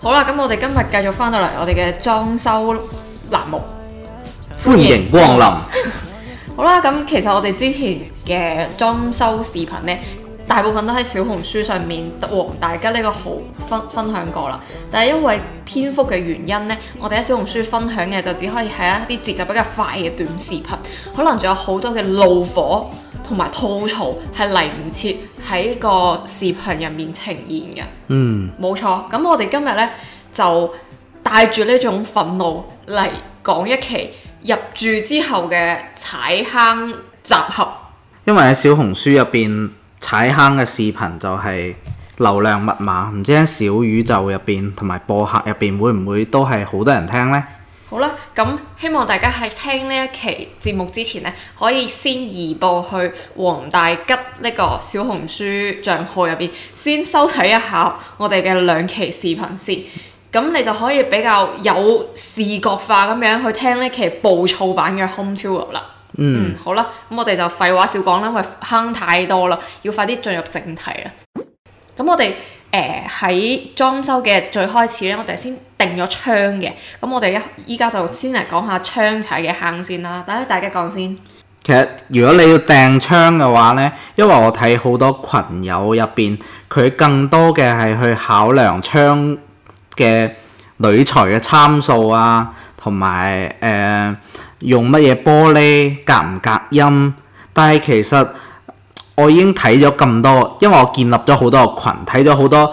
好啦，咁我哋今日繼續翻到嚟我哋嘅裝修欄目，歡迎光臨。 好啦，咁其實我哋之前嘅裝修視頻呢，大部分都喺小紅書上面和大家呢個號分分享過啦。但係因為篇幅嘅原因呢，我哋喺小紅書分享嘅就只可以係一啲節奏比較快嘅短視頻，可能仲有好多嘅怒火。同埋吐槽係嚟唔切喺個視頻入面呈現嘅，嗯，冇錯。咁我哋今日呢，就帶住呢種憤怒嚟講一期入住之後嘅踩坑集合。因為喺小紅書入邊踩坑嘅視頻就係流量密碼，唔知喺小宇宙入邊同埋播客入邊會唔會都係好多人聽呢？好啦，咁希望大家喺聽呢一期節目之前呢，可以先移步去黃大吉呢個小紅書賬號入邊，先收睇一下我哋嘅兩期視頻先。咁你就可以比較有視覺化咁樣去聽呢期暴躁版嘅 Home Tour 啦。嗯，嗯，好啦，咁我哋就廢話少講啦，因為坑太多啦，要快啲進入正題啦。咁我哋。誒喺裝修嘅最開始咧，我哋先定咗窗嘅，咁我哋依依家就先嚟講下窗材嘅坑先啦。等下大家講先。其實如果你要訂窗嘅話咧，因為我睇好多群友入邊，佢更多嘅係去考量窗嘅鋁材嘅參數啊，同埋誒用乜嘢玻璃隔唔隔音，但係其實。我已經睇咗咁多，因為我建立咗好多個群，睇咗好多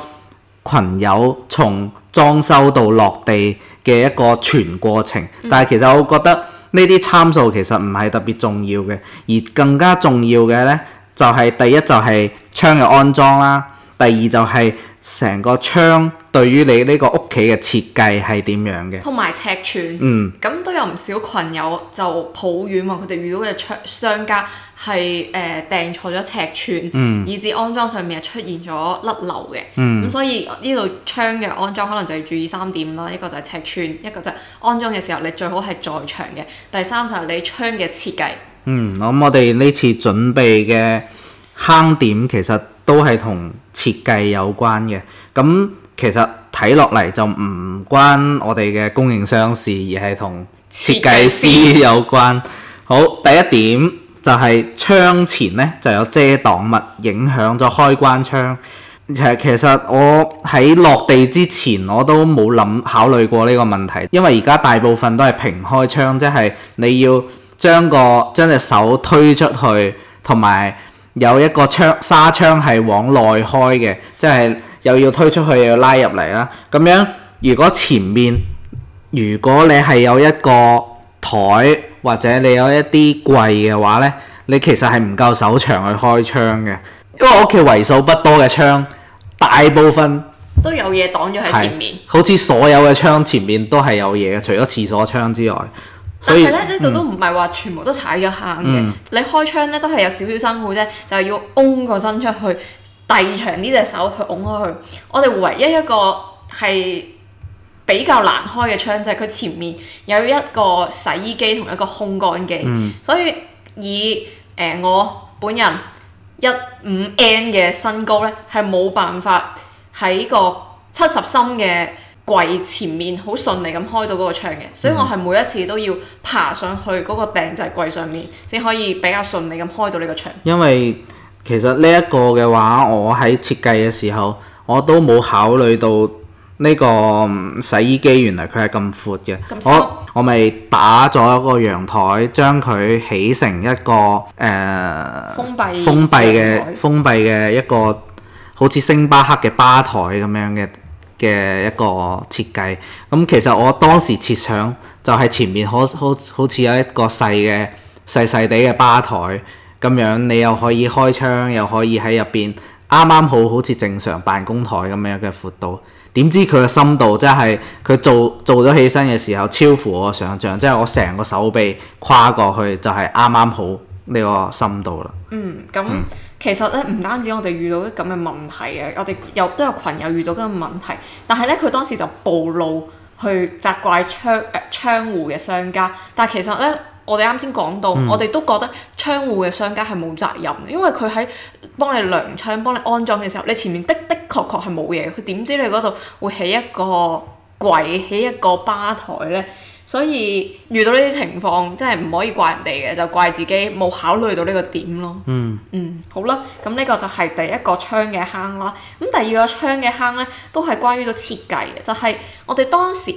群友從裝修到落地嘅一個全過程。嗯、但係其實我覺得呢啲參數其實唔係特別重要嘅，而更加重要嘅咧就係、是、第一就係窗嘅安裝啦，第二就係成個窗對於你呢個屋企嘅設計係點樣嘅，同埋尺寸。嗯，咁都有唔少群友就抱怨話佢哋遇到嘅商家。係誒訂錯咗尺寸，嗯、以至安裝上面係出現咗甩漏嘅。咁、嗯嗯、所以呢度窗嘅安裝可能就要注意三點啦。一個就係尺寸，一個就係安裝嘅時候你最好係在場嘅。第三就係你窗嘅設計。嗯，咁、嗯嗯、我哋呢次準備嘅坑點其實都係同設計有關嘅。咁其實睇落嚟就唔關我哋嘅供應商事，而係同設計師有關。設計 好，第一點。就係窗前咧，就有遮擋物影響咗開關窗。其實我喺落地之前我都冇諗考慮過呢個問題，因為而家大部分都係平開窗，即係你要將個將隻手推出去，同埋有，有一個窗紗窗係往內開嘅，即係又要推出去又要拉入嚟啦。咁樣如果前面如果你係有一個台或者你有一啲櫃嘅話呢，你其實係唔夠手長去開窗嘅，因為我屋企為數不多嘅窗大部分都有嘢擋咗喺前面，好似所有嘅窗前面都係有嘢，除咗廁所窗之外。所以咧呢度、嗯、都唔係話全部都踩咗坑嘅，嗯、你開窗呢，都係有少少辛苦啫，就係要嗡個身出去，第二長呢隻手去拱開佢。我哋唯一一個係比較難開嘅窗，就係、是、佢前面有一個洗衣機同一個烘乾機，嗯、所以以誒、呃、我本人一五 N 嘅身高呢，係冇辦法喺個七十深嘅櫃前面好順利咁開到嗰個窗嘅，所以我係每一次都要爬上去嗰個定製櫃上面先可以比較順利咁開到呢個窗。因為其實呢一個嘅話，我喺設計嘅時候我都冇考慮到。呢個洗衣機原來佢係咁闊嘅，我我咪打咗一個陽台，將佢起成一個誒、呃、封閉封閉嘅封閉嘅一個好似星巴克嘅吧台咁樣嘅嘅一個設計。咁其實我當時設想就係、是、前面好好好似有一個細嘅細細哋嘅吧台咁樣，你又可以開窗，又可以喺入邊啱啱好好似正常辦公台咁樣嘅闊度。點知佢嘅深度即係佢做做咗起身嘅時候超乎我想象，即係我成個手臂跨過去就係啱啱好呢個深度啦。嗯，咁、嗯、其實咧唔單止我哋遇到啲咁嘅問題啊，我哋又都有群友遇到咁嘅問題，但係咧佢當時就暴怒去責怪窗誒、呃、窗戶嘅商家，但係其實咧。我哋啱先講到，嗯、我哋都覺得窗戶嘅商家係冇責任嘅，因為佢喺幫你量窗、幫你安裝嘅時候，你前面的的確確係冇嘢，佢點知你嗰度會起一個櫃、起一個吧台咧？所以遇到呢啲情況，真係唔可以怪人哋嘅，就怪自己冇考慮到呢個點咯。嗯嗯，好啦，咁呢個就係第一個窗嘅坑啦。咁第二個窗嘅坑咧，都係關於個設計嘅，就係、是、我哋當時。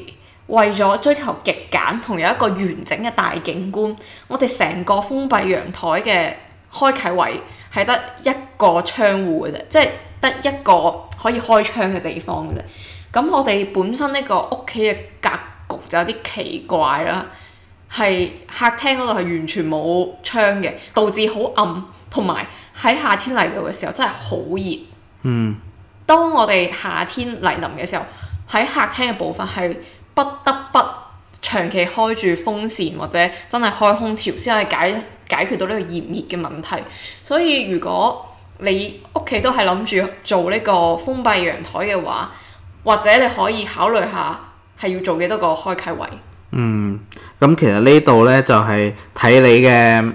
為咗追求極簡同有一個完整嘅大景觀，我哋成個封閉陽台嘅開啓位係得一個窗戶嘅啫，即係得一個可以開窗嘅地方嘅啫。咁我哋本身呢個屋企嘅格局就有啲奇怪啦，係客廳嗰度係完全冇窗嘅，導致好暗，同埋喺夏天嚟到嘅時候真係好熱。嗯，當我哋夏天嚟臨嘅時候，喺客廳嘅部分係不得不長期開住風扇或者真係開空調先可以解解決到呢個炎熱嘅問題。所以如果你屋企都係諗住做呢個封閉陽台嘅話，或者你可以考慮下係要做幾多個開啓位。嗯，咁其實呢度呢，就係睇你嘅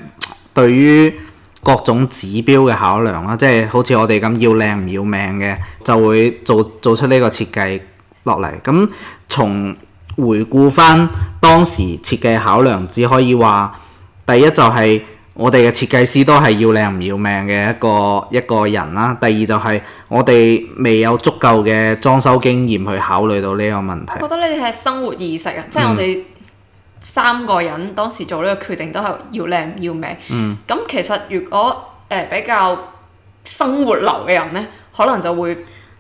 對於各種指標嘅考量啦，即係好似我哋咁要靚唔要命嘅，就會做做出呢個設計落嚟。咁從回顧翻當時設計考量，只可以話第一就係我哋嘅設計師都係要靚唔要命嘅一個一個人啦。第二就係我哋未有足夠嘅裝修經驗去考慮到呢個問題。我覺得呢啲係生活意識啊，嗯、即係我哋三個人當時做呢個決定都係要靚唔要命。嗯。咁其實如果誒、呃、比較生活流嘅人呢，可能就會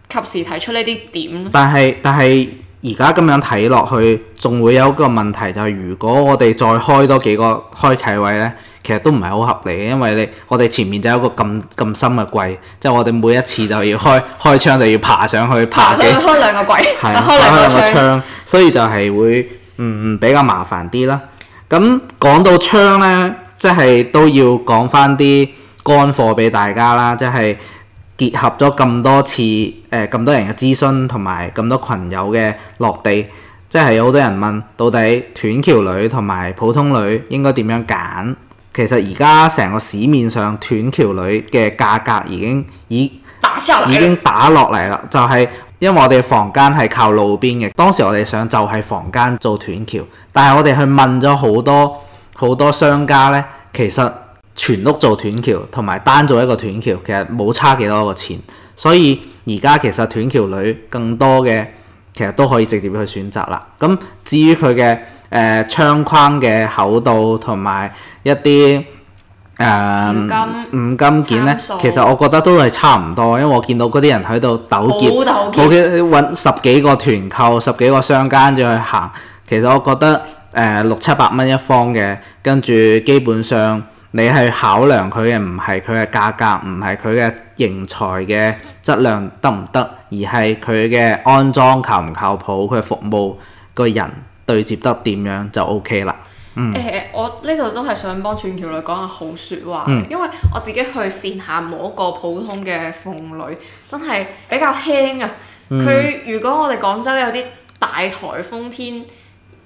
及時提出呢啲點。但係但係。而家咁樣睇落去，仲會有一個問題，就係、是、如果我哋再開多幾個開啟位咧，其實都唔係好合理嘅，因為你我哋前面就有一個咁咁深嘅櫃，即、就、係、是、我哋每一次就要開 開窗就要爬上去爬幾，爬上去開兩個櫃，是開兩個窗，個所以就係會嗯比較麻煩啲啦。咁講到窗咧，即係都要講翻啲乾貨俾大家啦，即係。結合咗咁多次誒咁、呃、多人嘅諮詢同埋咁多群友嘅落地，即係有好多人問到底斷橋鋁同埋普通鋁應該點樣揀？其實而家成個市面上斷橋鋁嘅價格已經已已經打落嚟啦，就係、是、因為我哋房間係靠路邊嘅，當時我哋想就係房間做斷橋，但係我哋去問咗好多好多商家呢。其實。全屋做斷橋同埋單做一個斷橋，其實冇差幾多個錢，所以而家其實斷橋裏更多嘅其實都可以直接去選擇啦。咁至於佢嘅誒窗框嘅厚度同埋一啲誒、呃、五金，五金件呢，參數。其實我覺得都係差唔多，因為我見到嗰啲人喺度糾結，好糾結，搵十幾個團購十幾個商家再去行，其實我覺得誒、呃、六七百蚊一方嘅，跟住基本上。你去考量佢嘅唔係佢嘅價格，唔係佢嘅型材嘅質量得唔得，而係佢嘅安裝靠唔靠譜，佢服務個人對接得點樣就 OK 啦。誒、嗯欸，我呢度都係想幫斷橋鋁講下好說話，嗯、因為我自己去線下摸過普通嘅鋸鋁，真係比較輕啊。佢、嗯、如果我哋廣州有啲大台風天。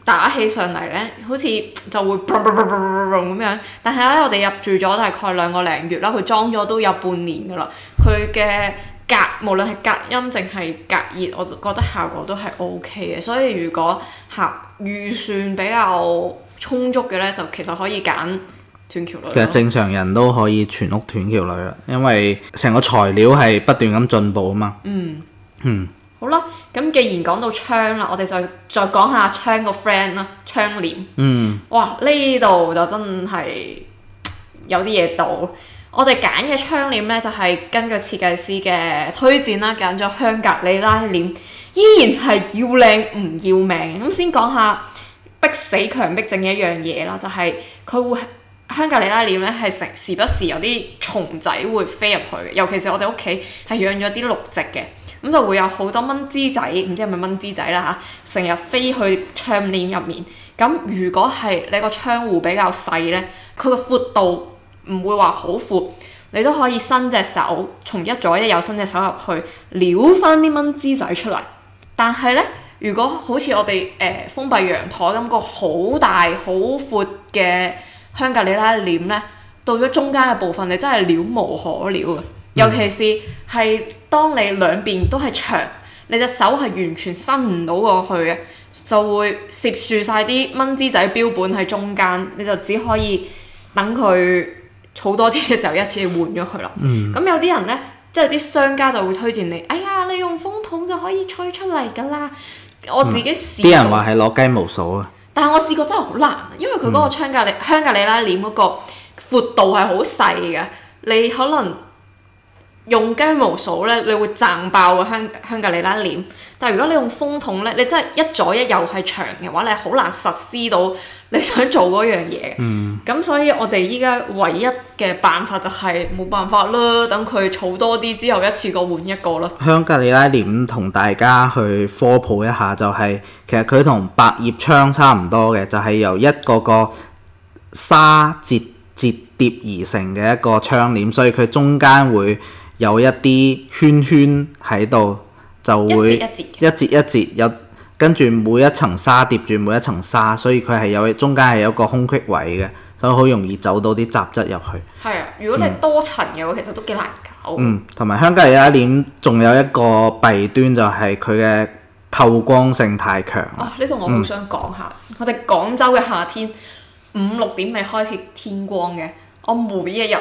打起上嚟咧，好似就會砰砰砰砰砰砰咁樣。但係咧，我哋入住咗大概兩個零月啦，佢裝咗都有半年噶啦。佢嘅隔無論係隔音定係隔熱，我覺得效果都係 OK 嘅。所以如果客預算比較充足嘅咧，就其實可以揀斷橋鋁。其實正常人都可以全屋斷橋鋁啦，因為成個材料係不斷咁進步啊嘛。嗯。嗯。咁既然講到窗啦，我哋就再講下窗個 friend 啦，窗簾。嗯，哇，呢度就真係有啲嘢到。我哋揀嘅窗簾呢，就係根據設計師嘅推薦啦，揀咗香格里拉簾，依然係要靚唔要命。咁先講下逼死強迫症嘅一樣嘢啦，就係佢會香格里拉簾呢，係成時不時有啲蟲仔會飛入去，尤其是我哋屋企係養咗啲綠植嘅。咁就會有好多蚊枝仔，唔知係咪蚊枝仔啦嚇，成、啊、日飛去窗簾入面。咁如果係你個窗戶比較細呢，佢個闊度唔會話好闊，你都可以伸隻手從一左一右伸隻手入去，撩翻啲蚊枝仔出嚟。但係呢，如果好似我哋誒、呃、封閉陽台咁個好大好闊嘅香格里拉簾呢，到咗中間嘅部分，你真係撩無可撩啊！嗯、尤其是係。當你兩邊都係牆，你隻手係完全伸唔到過去嘅，就會攝住晒啲蚊滋仔標本喺中間，你就只可以等佢儲多啲嘅時候一次換咗佢啦。咁、嗯、有啲人呢，即係啲商家就會推薦你，哎呀，你用風筒就可以吹出嚟噶啦。我自己試，啲、嗯、人話係攞雞毛掃啊，但係我試過真係好難，因為佢嗰個窗格離、香格里拉簾嗰個闊度係好細嘅，你可能，用雞毛掃咧，你會掙爆個香香格里拉簾。但係如果你用風筒咧，你真係一左一右係長嘅話，你好難實施到你想做嗰樣嘢。咁、嗯、所以我哋依家唯一嘅辦法就係、是、冇辦法囉，等佢儲多啲之後一次過換一個囉。香格里拉簾同大家去科普一下、就是，就係其實佢同百葉窗差唔多嘅，就係由一個個紗折摺疊而成嘅一個窗簾，所以佢中間會。有一啲圈圈喺度，就會一節一節，一節一節，一跟住每一層沙疊住每一層沙，所以佢係有中間係有一個空隙位嘅，所以好容易走到啲雜質入去。係啊，如果你多層嘅話，嗯、其實都幾難搞。嗯，同埋香格有一點，仲有一個弊端就係佢嘅透光性太強。啊，呢度我好想講下，嗯、我哋廣州嘅夏天五六點咪開始天光嘅，我每一日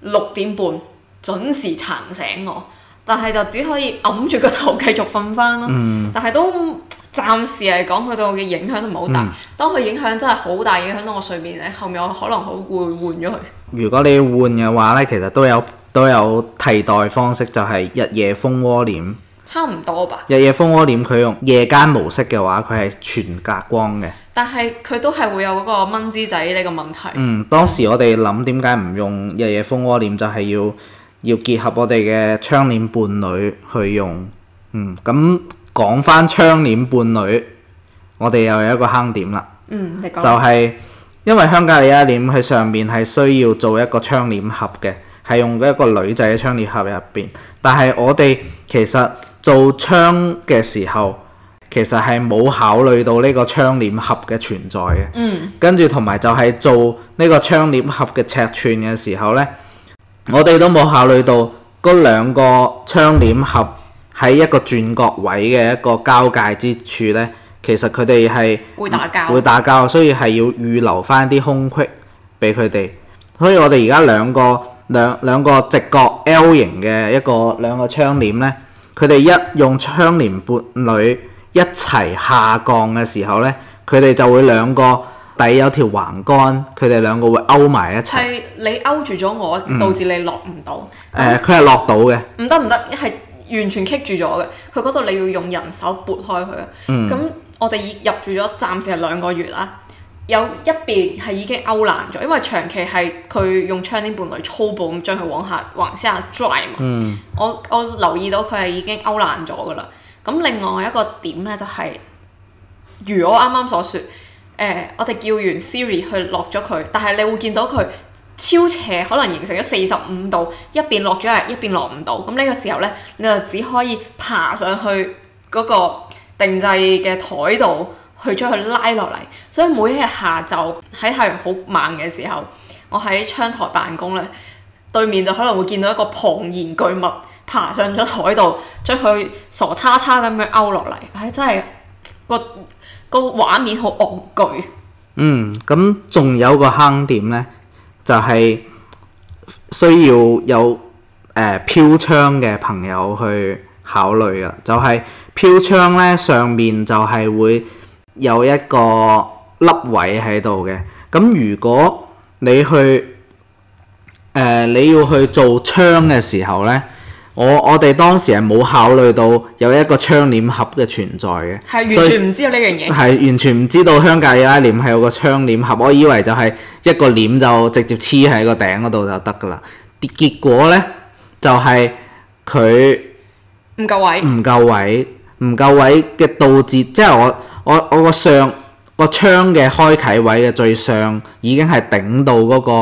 六點半，時半時。準時殘醒我，但係就只可以揞住個頭繼續瞓翻咯。嗯、但係都暫時嚟講，佢對我嘅影響都唔係好大。嗯、當佢影響真係好大，影響到我睡眠咧，後面我可能好會換咗佢。如果你換嘅話呢，其實都有都有替代方式，就係、是、日夜蜂窩簾，差唔多吧。日夜蜂窩簾佢用夜間模式嘅話，佢係全隔光嘅，但係佢都係會有嗰個蚊滋仔呢個問題。嗯，當時我哋諗點解唔用日夜蜂窩簾，就係、是、要。要結合我哋嘅窗簾伴侶去用，嗯，咁講翻窗簾伴侶，我哋又有一個坑點啦。嗯，就係因為香格里拉簾佢上面係需要做一個窗簾盒嘅，係用一個女仔嘅窗簾盒入邊，但係我哋其實做窗嘅時候，其實係冇考慮到呢個窗簾盒嘅存在嘅。嗯，跟住同埋就係做呢個窗簾盒嘅尺寸嘅時候咧。我哋都冇考慮到嗰兩個窗簾盒喺一個轉角位嘅一個交界之處呢。其實佢哋係會打架，會打架，所以係要預留翻啲空隙俾佢哋。所以我哋而家兩個兩兩個直角 L 型嘅一個兩個窗簾呢，佢哋一用窗簾撥裏一齊下降嘅時候呢，佢哋就會兩個。底有條橫杆，佢哋兩個會勾埋一齊。係你勾住咗我，導致你落唔到。誒、嗯，佢係但、呃、落到嘅。唔得唔得，係完全棘住咗嘅。佢嗰度你要用人手撥開佢。嗯。咁我哋已入住咗，暫時係兩個月啦。有一邊係已經勾爛咗，因為長期係佢用窗簾伴侶粗暴咁將佢往下橫先下 drive 嘛、嗯。我我留意到佢係已經勾爛咗噶啦。咁另外一個點咧、就是，就係如我啱啱所說。誒、呃，我哋叫完 Siri 去落咗佢，但係你會見到佢超斜，可能形成咗四十五度，一邊落咗嚟，一邊落唔到。咁呢個時候呢，你就只可以爬上去嗰個定制嘅台度去將佢拉落嚟。所以每一日下晝喺太陽好猛嘅時候，我喺窗台辦公咧，對面就可能會見到一個龐然巨物爬上咗台度，將佢傻叉叉咁樣勾落嚟。唉、哎，真係個。畫面好戇居。嗯，咁仲有個坑點呢，就係、是、需要有誒飄窗嘅朋友去考慮啊。就係飄窗呢，上面就係會有一個凹位喺度嘅。咁如果你去、呃、你要去做窗嘅時候呢。我我哋當時係冇考慮到有一個窗簾盒嘅存在嘅，係完全唔知道呢樣嘢，係完全唔知道香格里拉簾係有個窗簾盒。我以為就係一個簾就直接黐喺個頂嗰度就得㗎啦。結果咧就係佢唔夠位，唔夠位，唔夠位嘅導致，即係我我我個上個窗嘅開啓位嘅最上已經係頂到嗰個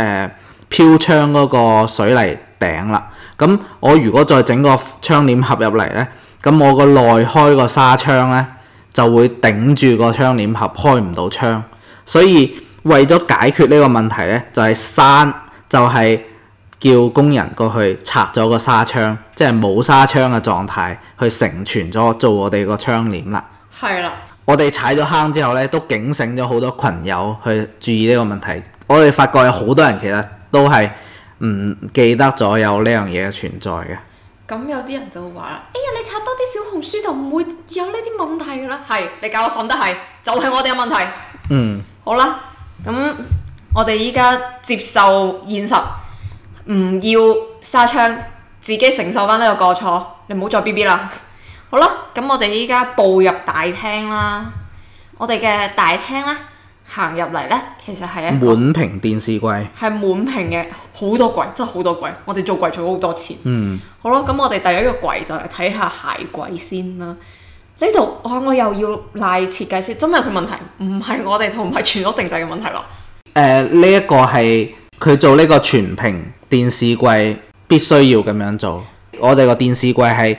誒飄窗嗰個水泥頂啦。咁我如果再整個窗簾盒入嚟咧，咁我個內開個紗窗咧就會頂住個窗簾盒，開唔到窗。所以為咗解決呢個問題咧，就係、是、刪，就係、是、叫工人過去拆咗個紗窗，即係冇紗窗嘅狀態，去成全咗做我哋個窗簾啦。係啦了，我哋踩咗坑之後咧，都警醒咗好多群友去注意呢個問題。我哋發覺有好多人其實都係。唔記得咗有呢樣嘢存在嘅，咁有啲人就會話啦，哎呀，你刷多啲小紅書就唔會有呢啲問題嘅啦。係，你教我瞓得係，就係我哋嘅問題。嗯，好啦，咁我哋依家接受現實，唔要紗窗，自己承受翻呢個過錯。你唔好再 B B 啦。好啦，咁我哋依家步入大廳啦，我哋嘅大廳啦。行入嚟呢，其實係一個滿屏電視櫃，係滿屏嘅好多櫃，真係好多櫃。我哋做櫃做咗好多錢。嗯，好，好啦，咁我哋第一個櫃就嚟睇下鞋櫃先啦。呢度，哇，我又要賴設計師，真係佢問題，唔係我哋同埋全屋定制嘅問題咯。誒、呃，呢、這、一個係佢做呢個全屏電視櫃必須要咁樣做。我哋個電視櫃係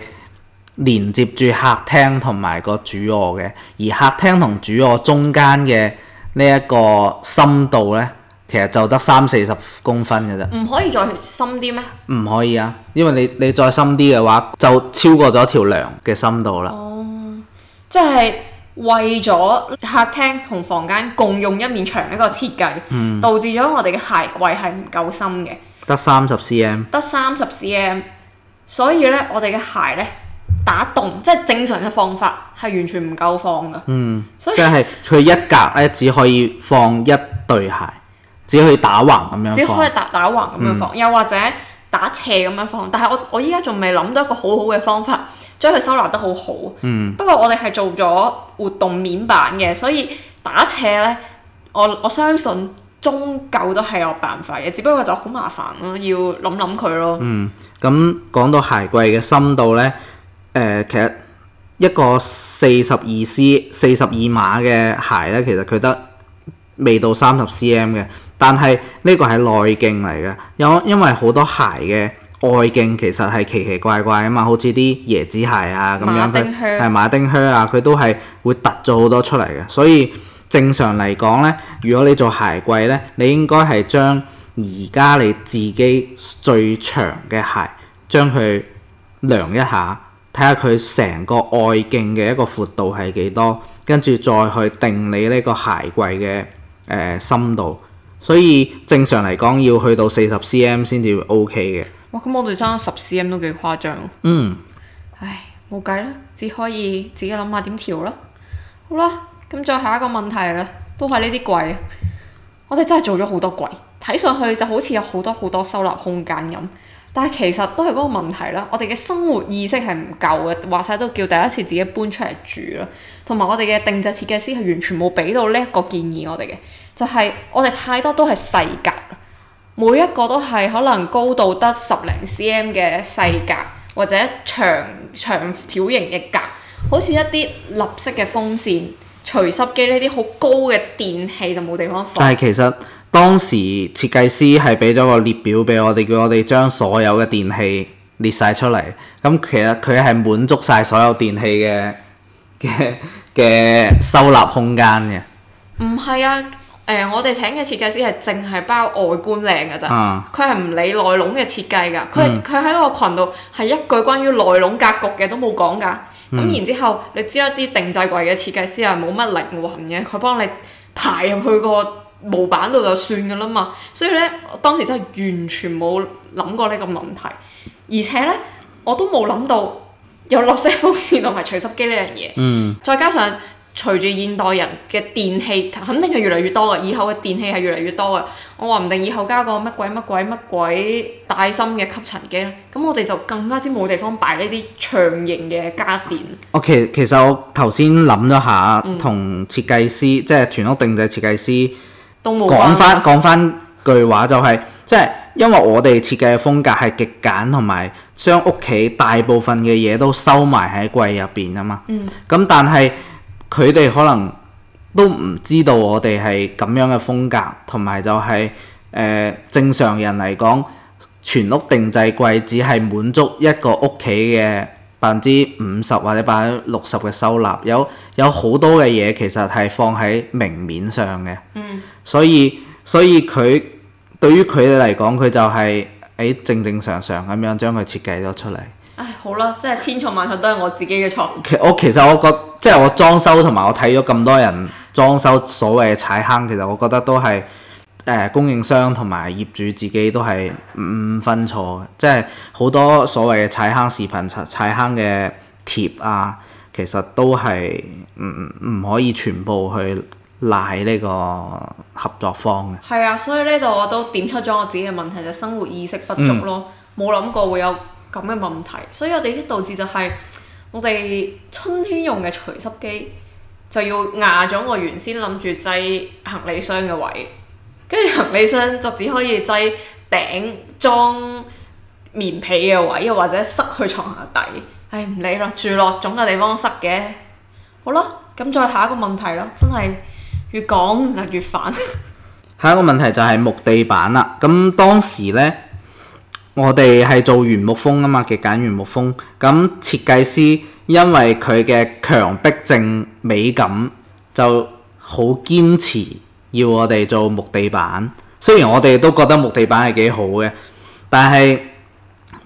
連接住客廳同埋個主臥嘅，而客廳同主臥中間嘅。呢一個深度呢，其實就得三四十公分嘅啫。唔可以再深啲咩？唔可以啊，因為你你再深啲嘅話，就超過咗條梁嘅深度啦。哦，即係為咗客廳同房間共用一面牆一個設計，導致咗我哋嘅鞋櫃係唔夠深嘅，得三十 cm，得三十 cm，所以呢，我哋嘅鞋呢。打洞即係正常嘅方法，係完全唔夠放嘅。嗯，所以即係佢一格咧，只可以放一對鞋，只可以打橫咁樣，只可以打打橫咁樣放，嗯、又或者打斜咁樣放。但係我我依家仲未諗到一個好好嘅方法，將佢收納得好好。嗯。不過我哋係做咗活動面板嘅，所以打斜咧，我我相信終究都係有辦法嘅，只不過就好麻煩想想咯，要諗諗佢咯。嗯，咁講到鞋櫃嘅深度咧。誒、呃，其實一個四十二 C 四十二碼嘅鞋咧，其實佢得未到三十 cm 嘅，但係呢個係內徑嚟嘅，因因為好多鞋嘅外徑其實係奇奇怪怪啊嘛，好似啲椰子鞋啊咁樣，係，馬，馬丁靴啊，佢都係會凸咗好多出嚟嘅，所以正常嚟講咧，如果你做鞋櫃咧，你應該係將而家你自己最長嘅鞋將佢量一下，睇下佢成個外徑嘅一個闊度係幾多，跟住再去定你呢個鞋櫃嘅誒、呃、深度。所以正常嚟講，要去到四十 cm 先至會 OK 嘅。哇！咁我哋差十 cm 都幾誇張。嗯，唉，冇計啦，只可以自己諗下點調啦。好啦，咁再下一個問題啦，都係呢啲櫃。我哋真係做咗好多櫃，睇上去就好似有好多好多收納空間咁。但係其實都係嗰個問題啦，我哋嘅生活意識係唔夠嘅，話晒都叫第一次自己搬出嚟住啦，同埋我哋嘅定製設計師係完全冇俾到呢一個建議我哋嘅，就係，我哋太多都係細格，每一個都係可能高度得十零 cm 嘅細格，或者長長條形嘅格，好似一啲立式嘅風扇、除濕機呢啲好高嘅電器就冇地方放。但係其實。當時設計師係俾咗個列表俾我哋，叫我哋將所有嘅電器列晒出嚟。咁其實佢係滿足晒所有電器嘅嘅嘅收納空間嘅。唔係啊，誒、呃，我哋請嘅設計師係淨係包外觀靚㗎咋。佢係唔理內籠嘅設計㗎。佢佢喺個羣度係一句關於內籠格局嘅都冇講㗎。咁、嗯、然之後，你知一啲定製櫃嘅設計師係冇乜靈魂嘅，佢幫你排入去個模板度就算㗎啦嘛，所以咧，我當時真係完全冇諗過呢個問題，而且咧我都冇諗到有立式風扇同埋除濕機呢樣嘢，嗯、再加上隨住現代人嘅電器肯定係越嚟越多嘅，以後嘅電器係越嚟越多嘅。我話唔定以後加個乜鬼乜鬼乜鬼帶心嘅吸塵機咧，咁我哋就更加之冇地方擺呢啲長型嘅家電。我其、嗯、其實我頭先諗咗下，同設計師、嗯、即係全屋定製設計師。講翻講翻句話就係，即係因為我哋設計嘅風格係極簡，同埋將屋企大部分嘅嘢都收埋喺櫃入邊啊嘛。咁、嗯、但係佢哋可能都唔知道我哋係咁樣嘅風格，同埋就係，誒，正常人嚟講，全屋定製櫃只係滿足一個屋企嘅百分之五十或者百分之六十嘅收納，有有好多嘅嘢其實係放喺明面上嘅、嗯，所以所以佢對於佢哋嚟講，佢就係、是、誒正正常常咁樣將佢設計咗出嚟。唉、哎，好啦，即係千錯萬錯都係我自己嘅錯。其我其實我覺得即係我裝修同埋我睇咗咁多人裝修所謂嘅踩坑，其實我覺得都係。誒、呃、供應商同埋業主自己都係五五分錯，即係好多所謂嘅踩坑視頻、踩坑嘅貼啊，其實都係唔唔可以全部去賴呢個合作方嘅。係啊，所以呢度我都點出咗我自己嘅問題，就係、生活意識不足咯，冇諗、嗯、過會有咁嘅問題，所以我哋啲導致就係、是、我哋春天用嘅除濕機就要壓咗我原先諗住擠行李箱嘅位。跟住行李箱就只可以擠頂裝棉被嘅位，又或者塞去床下底。唉，唔理啦，住落總嘅地方塞嘅。好啦，咁再下一個問題啦，真係越講就越煩。下一個問題就係木地板啦。咁當時呢，我哋係做原木風啊嘛，極簡原木風。咁設計師因為佢嘅強迫症美感，就好堅持，要我哋做木地板，雖然我哋都覺得木地板係幾好嘅，但係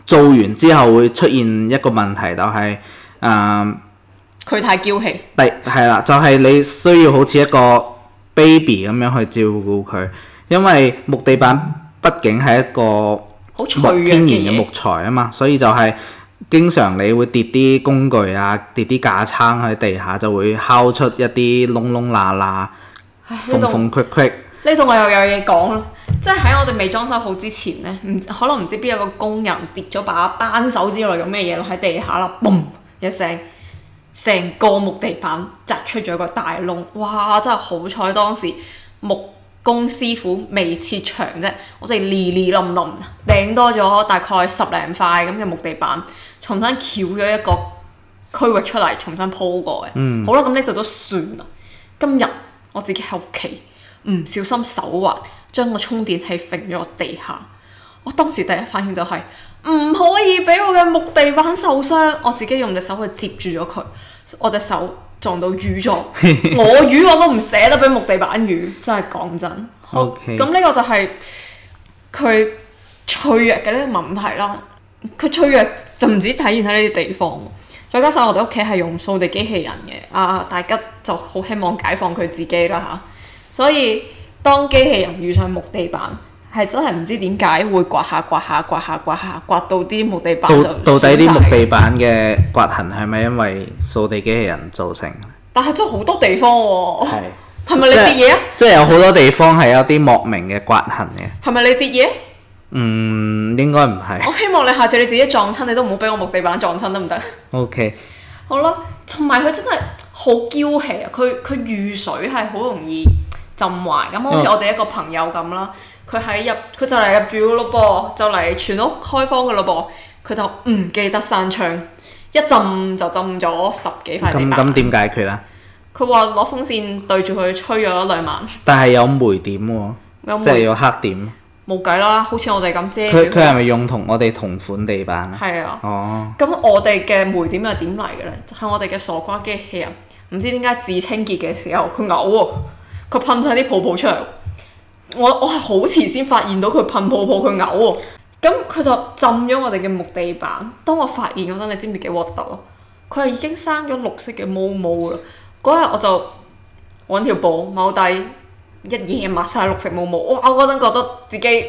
做完之後會出現一個問題，就係、是、誒，佢、嗯、太嬌氣。第係啦，就係、是、你需要好似一個 baby 咁樣去照顧佢，因為木地板畢竟係一個好天然嘅木材啊嘛，所以就係經常你會跌啲工具啊，跌啲架撐喺地下，就會敲出一啲窿窿罅罅。呢度呢度我又有嘢講，即係喺我哋未裝修好之前呢，唔可能唔知邊一個工人跌咗把扳手之類咁嘅嘢落喺地下啦，嘣一聲，成個木地板砸出咗個大窿，哇！真係好彩當時木工師傅未撤牆啫，我哋嚟嚟冧冧，掟多咗大概十零塊咁嘅木地板，重新撬咗一個區域出嚟，重新鋪過嘅。嗯，好啦，咁呢度都算啦，今日。我自己喺屋企唔小心手滑，將個充電器揈咗落地下。我當時第一反應就係唔可以俾我嘅木地板受傷。我自己用隻手去接住咗佢，我隻手撞到瘀咗。 我瘀我都唔捨得俾木地板瘀。真係講真。OK。咁呢個就係佢脆弱嘅呢個問題啦。佢脆弱就唔止體現喺呢啲地方。再加上我哋屋企係用掃地機器人嘅，啊大吉就好希望解放佢自己啦，嚇，所以當機器人遇上木地板，係真係唔知點解會刮下、刮下、刮下、刮下刮到啲木地板就。到底啲木地板嘅刮痕係咪因為掃地機器人造成？但係真係好多地方喎，係咪你跌嘢啊？即係有好多地方係有啲莫名嘅刮痕嘅，係咪你跌嘢？嗯，應該唔係。我希望你下次你自己撞親，你都唔好俾我木地板撞親得唔得？OK，好啦，同埋佢真係好嬌氣啊！佢佢遇水係好容易浸壞咁，好似我哋一個朋友咁啦，佢喺、哦、入佢就嚟入住噶咯噃，就嚟全屋開荒噶咯噃，佢就唔記得閂窗，一浸就浸咗十幾塊。咁咁點解決咧？佢話攞風扇對住佢吹咗兩晚，但係有霉點喎、哦，即係有，霉有黑點。冇計啦，好似我哋咁啫。佢佢係咪用同我哋同款地板啊？係啊。哦。咁我哋嘅霉點又點嚟嘅咧？係、就係，我哋嘅傻瓜機器啊！唔知點解自清潔嘅時候佢嘔啊！佢噴晒啲泡泡出嚟。我我係好遲先發現到佢噴泡泡佢嘔啊！咁佢就浸咗我哋嘅木地板。當我發現嗰陣，你知唔知幾核突咯？佢係已經生咗綠色嘅毛毛啦。嗰日我就搵條布踎低。一夜抹晒綠色毛毛，哇！我嗰陣覺得自己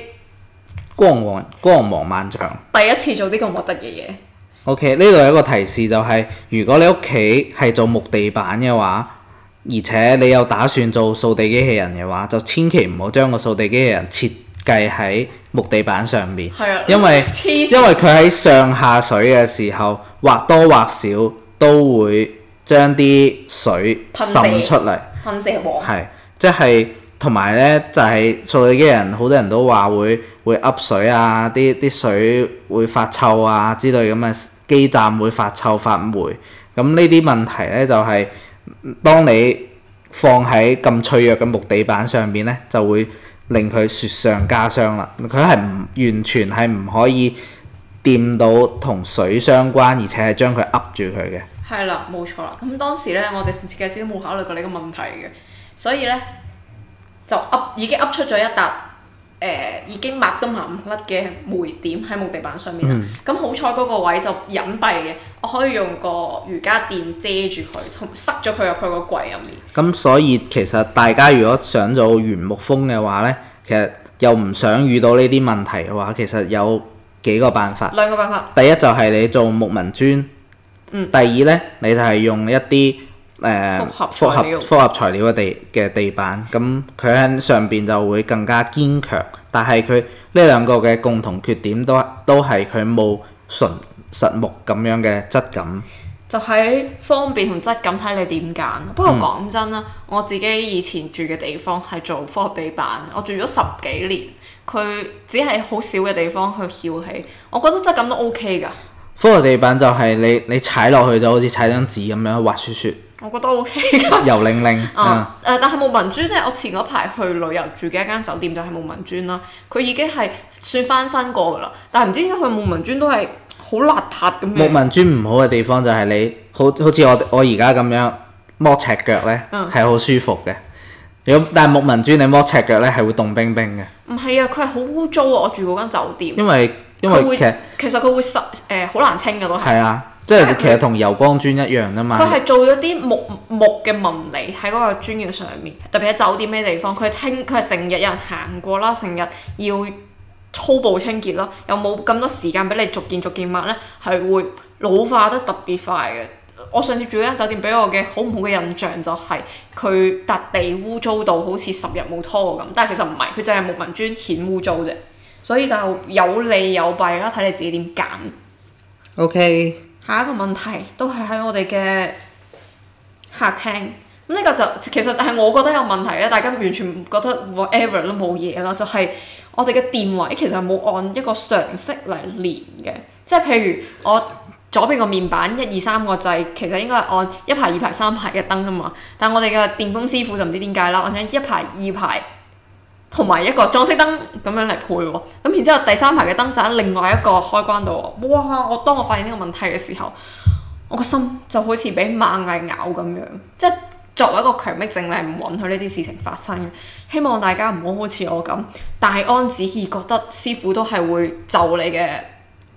光芒光芒萬丈。第一次做啲咁核突嘅嘢。OK，呢度有一個提示就係、是，如果你屋企係做木地板嘅話，而且你有打算做掃地機器人嘅話，就千祈唔好將個掃地機器人設計喺木地板上面。係啊，因為因為佢喺上下水嘅時候，或多或少都會將啲水噴死滲出嚟。噴射王。即係。就是同埋咧，就係、是、掃地機器人，好多人都話會會噏水啊，啲啲水會發臭啊之類咁嘅基站會發臭發霉。咁呢啲問題咧，就係、是、當你放喺咁脆弱嘅木地板上邊咧，就會令佢雪上加霜啦。佢係唔完全係唔可以掂到同水相關，而且係將佢噏住佢嘅。係啦，冇錯啦。咁當時咧，我哋設計師都冇考慮過呢個問題嘅，所以咧。就噏,已經噏出咗一笪誒、呃，已經抹都抹唔甩嘅黴點喺木地板上面啦。咁、嗯、好彩嗰個位就隱蔽嘅，我可以用個瑜伽墊遮住佢，同塞咗佢入去個櫃入面。咁所以其實大家如果想做原木風嘅話呢，其實又唔想遇到呢啲問題嘅話，其實有幾個辦法。兩個辦法。第一就係你做木紋磚。嗯、第二呢，你就係用一啲。誒，複合、uh, 複合材料嘅地嘅地板，咁佢喺上邊就會更加堅強。但係佢呢兩個嘅共同缺點都都係佢冇純實木咁樣嘅質感。就喺方便同質感，睇你點揀。不過講真啦，嗯、我自己以前住嘅地方係做複合地板，我住咗十幾年，佢只係好少嘅地方去翹起。我覺得質感都 OK 噶。複合地板就係你你踩落去就好似踩張紙咁樣滑雪雪。我覺得 OK。 油靚靚啊！誒、嗯呃，但係木紋磚咧，我前嗰排去旅遊住嘅一間酒店就係、是、木紋磚啦。佢已經係算翻新過噶啦，但係唔知點解佢木紋磚都係好邋遢咁樣。木紋磚唔好嘅地方就係你好好似我我而家咁樣摸赤腳咧，係好、嗯、舒服嘅。如果但係木紋磚你摸赤腳咧係會凍冰冰嘅。唔係啊，佢係好污糟啊！我住嗰間酒店，因為因為會其實佢會濕誒，好、呃、難清嘅都係啊。即係其實同油光磚一樣啊嘛，佢係做咗啲木木嘅紋理喺嗰個磚嘅上面，特別喺酒店咩地方，佢清佢係成日有人行過啦，成日要粗暴清潔啦，又冇咁多時間俾你逐件逐件抹咧，係會老化得特別快嘅。我上次住嗰間酒店俾我嘅好唔好嘅印象就係佢笪地污糟到好似十日冇拖過咁，但係其實唔係，佢淨係木紋磚顯污糟啫。所以就有利有弊啦，睇你自己點揀。OK。下一個問題都係喺我哋嘅客廳，咁呢個就其實係我覺得有問題嘅，大家完全唔覺得 whatever 都冇嘢啦，就係、是、我哋嘅電位其實冇按一個常識嚟連嘅，即係譬如我左邊個面板一二三個掣，其實應該係按一排二排三排嘅燈啊嘛，但係我哋嘅電工師傅就唔知點解啦，按一排二排。同埋一個裝飾燈咁樣嚟配喎、喔，咁然之後第三排嘅燈就喺另外一個開關度喎。哇！我當我發現呢個問題嘅時候，我個心就好似俾螞蟻咬咁樣。即係作為一個強迫症，你係唔允許呢啲事情發生嘅。希望大家唔好好似我咁大安旨意覺得師傅都係會就你嘅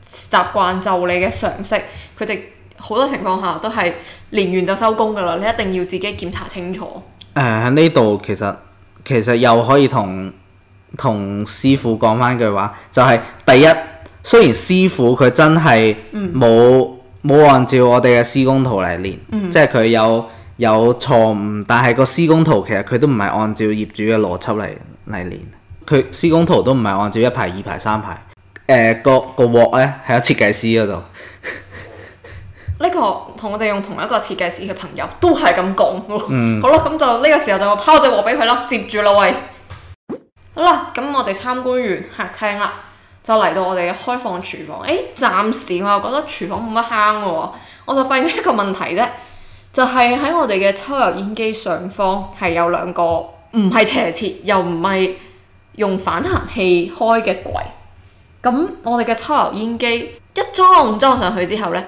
習慣、就你嘅常識。佢哋好多情況下都係連完就收工㗎喇。你一定要自己檢查清楚。誒、呃，呢度其實～其實又可以同同師傅講返句話，就係、是、第一，雖然師傅佢真係冇冇按照我哋嘅施工圖嚟練，嗯、即係佢有有錯誤，但係個施工圖其實佢都唔係按照業主嘅邏輯嚟嚟練，佢施工圖都唔係按照一排、二排、三排，誒、呃、個個鑊咧喺設計師嗰度。 呢、個同我哋用同一個設計師嘅朋友都係咁講。嗯。 好啦，咁就呢個時候就拋隻鑊俾佢啦，接住啦喂。 好啦，咁我哋參觀完客廳啦，就嚟到我哋嘅開放廚房。誒，暫時我又覺得廚房冇乜坑喎，我就發現一個問題啫，就係喺我哋嘅抽油煙機上方係有兩個唔係斜切又唔係用反彈器開嘅櫃。咁我哋嘅抽油煙機一裝裝上去之後呢。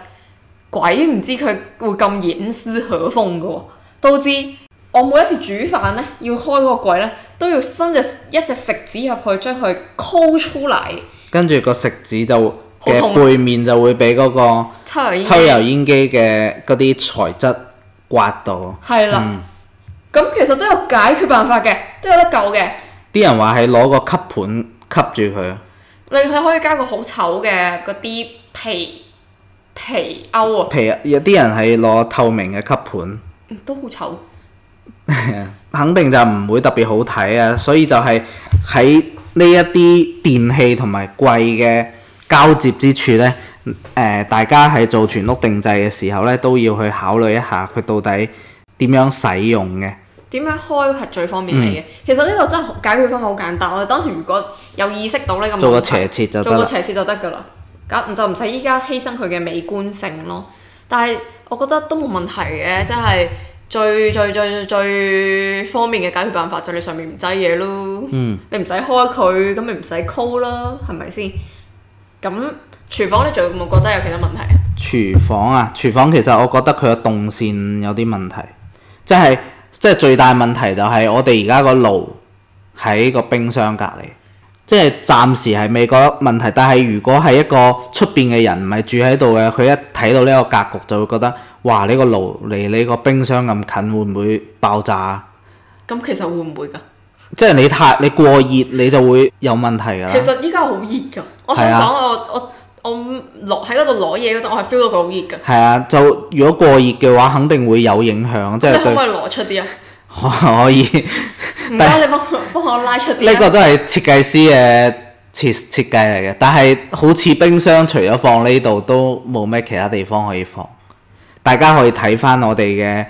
鬼唔知佢會咁掩私可風嘅喎，哦，都知我每一次煮飯咧，要開嗰個櫃咧，都要伸一隻一隻食指入去將佢摳出嚟，跟住個食指就痛背面就會俾嗰、那個抽油煙機嘅嗰啲材質刮到。係啦，咁、嗯、其實都有解決辦法嘅，都有得救嘅。啲人話係攞個吸盤吸住佢啊，你佢可以加個好醜嘅嗰啲皮。皮歐啊，皮啊！有啲人係攞透明嘅吸盤，都好醜， 肯定就唔會特別好睇啊！所以就係喺呢一啲電器同埋櫃嘅交接之處呢，誒、呃，大家喺做全屋定制嘅時候呢，都要去考慮一下佢到底點樣使用嘅。點樣開係最方便嚟嘅。嗯、其實呢個真係解決方法好簡單。我哋當時如果有意識到呢個問題，做個斜切就得，做個斜切就得噶啦。就唔使依家犧牲佢嘅美觀性咯，但係我覺得都冇問題嘅，即係最最最最方便嘅解決辦法就你上面唔擠嘢咯，嗯、你唔使開佢，咁你唔使 call 啦，係咪先？咁廚房你仲有冇覺得有其他問題啊？廚房啊，廚房其實我覺得佢個動線有啲問題，即係即係最大問題就係我哋而家個爐喺個冰箱隔離。即係暫時係未覺得問題，但係如果係一個出邊嘅人唔係住喺度嘅，佢一睇到呢個格局就會覺得，哇！呢個爐離你個冰箱咁近，會唔會爆炸啊？咁其實會唔會㗎？即係你太你過熱，你就會有問題㗎啦。其實依家好熱㗎，我想講、啊、我我我落喺嗰度攞嘢嗰陣，我係 feel 到佢好熱㗎。係啊，就如果過熱嘅話，肯定會有影響。即係可唔可以攞出啲啊？ 可以，唔該，你幫，幫我拉出啲。呢 個都係設計師嘅設設計嚟嘅，但係好似冰箱除咗放呢度都冇咩其他地方可以放。大家可以睇翻我哋嘅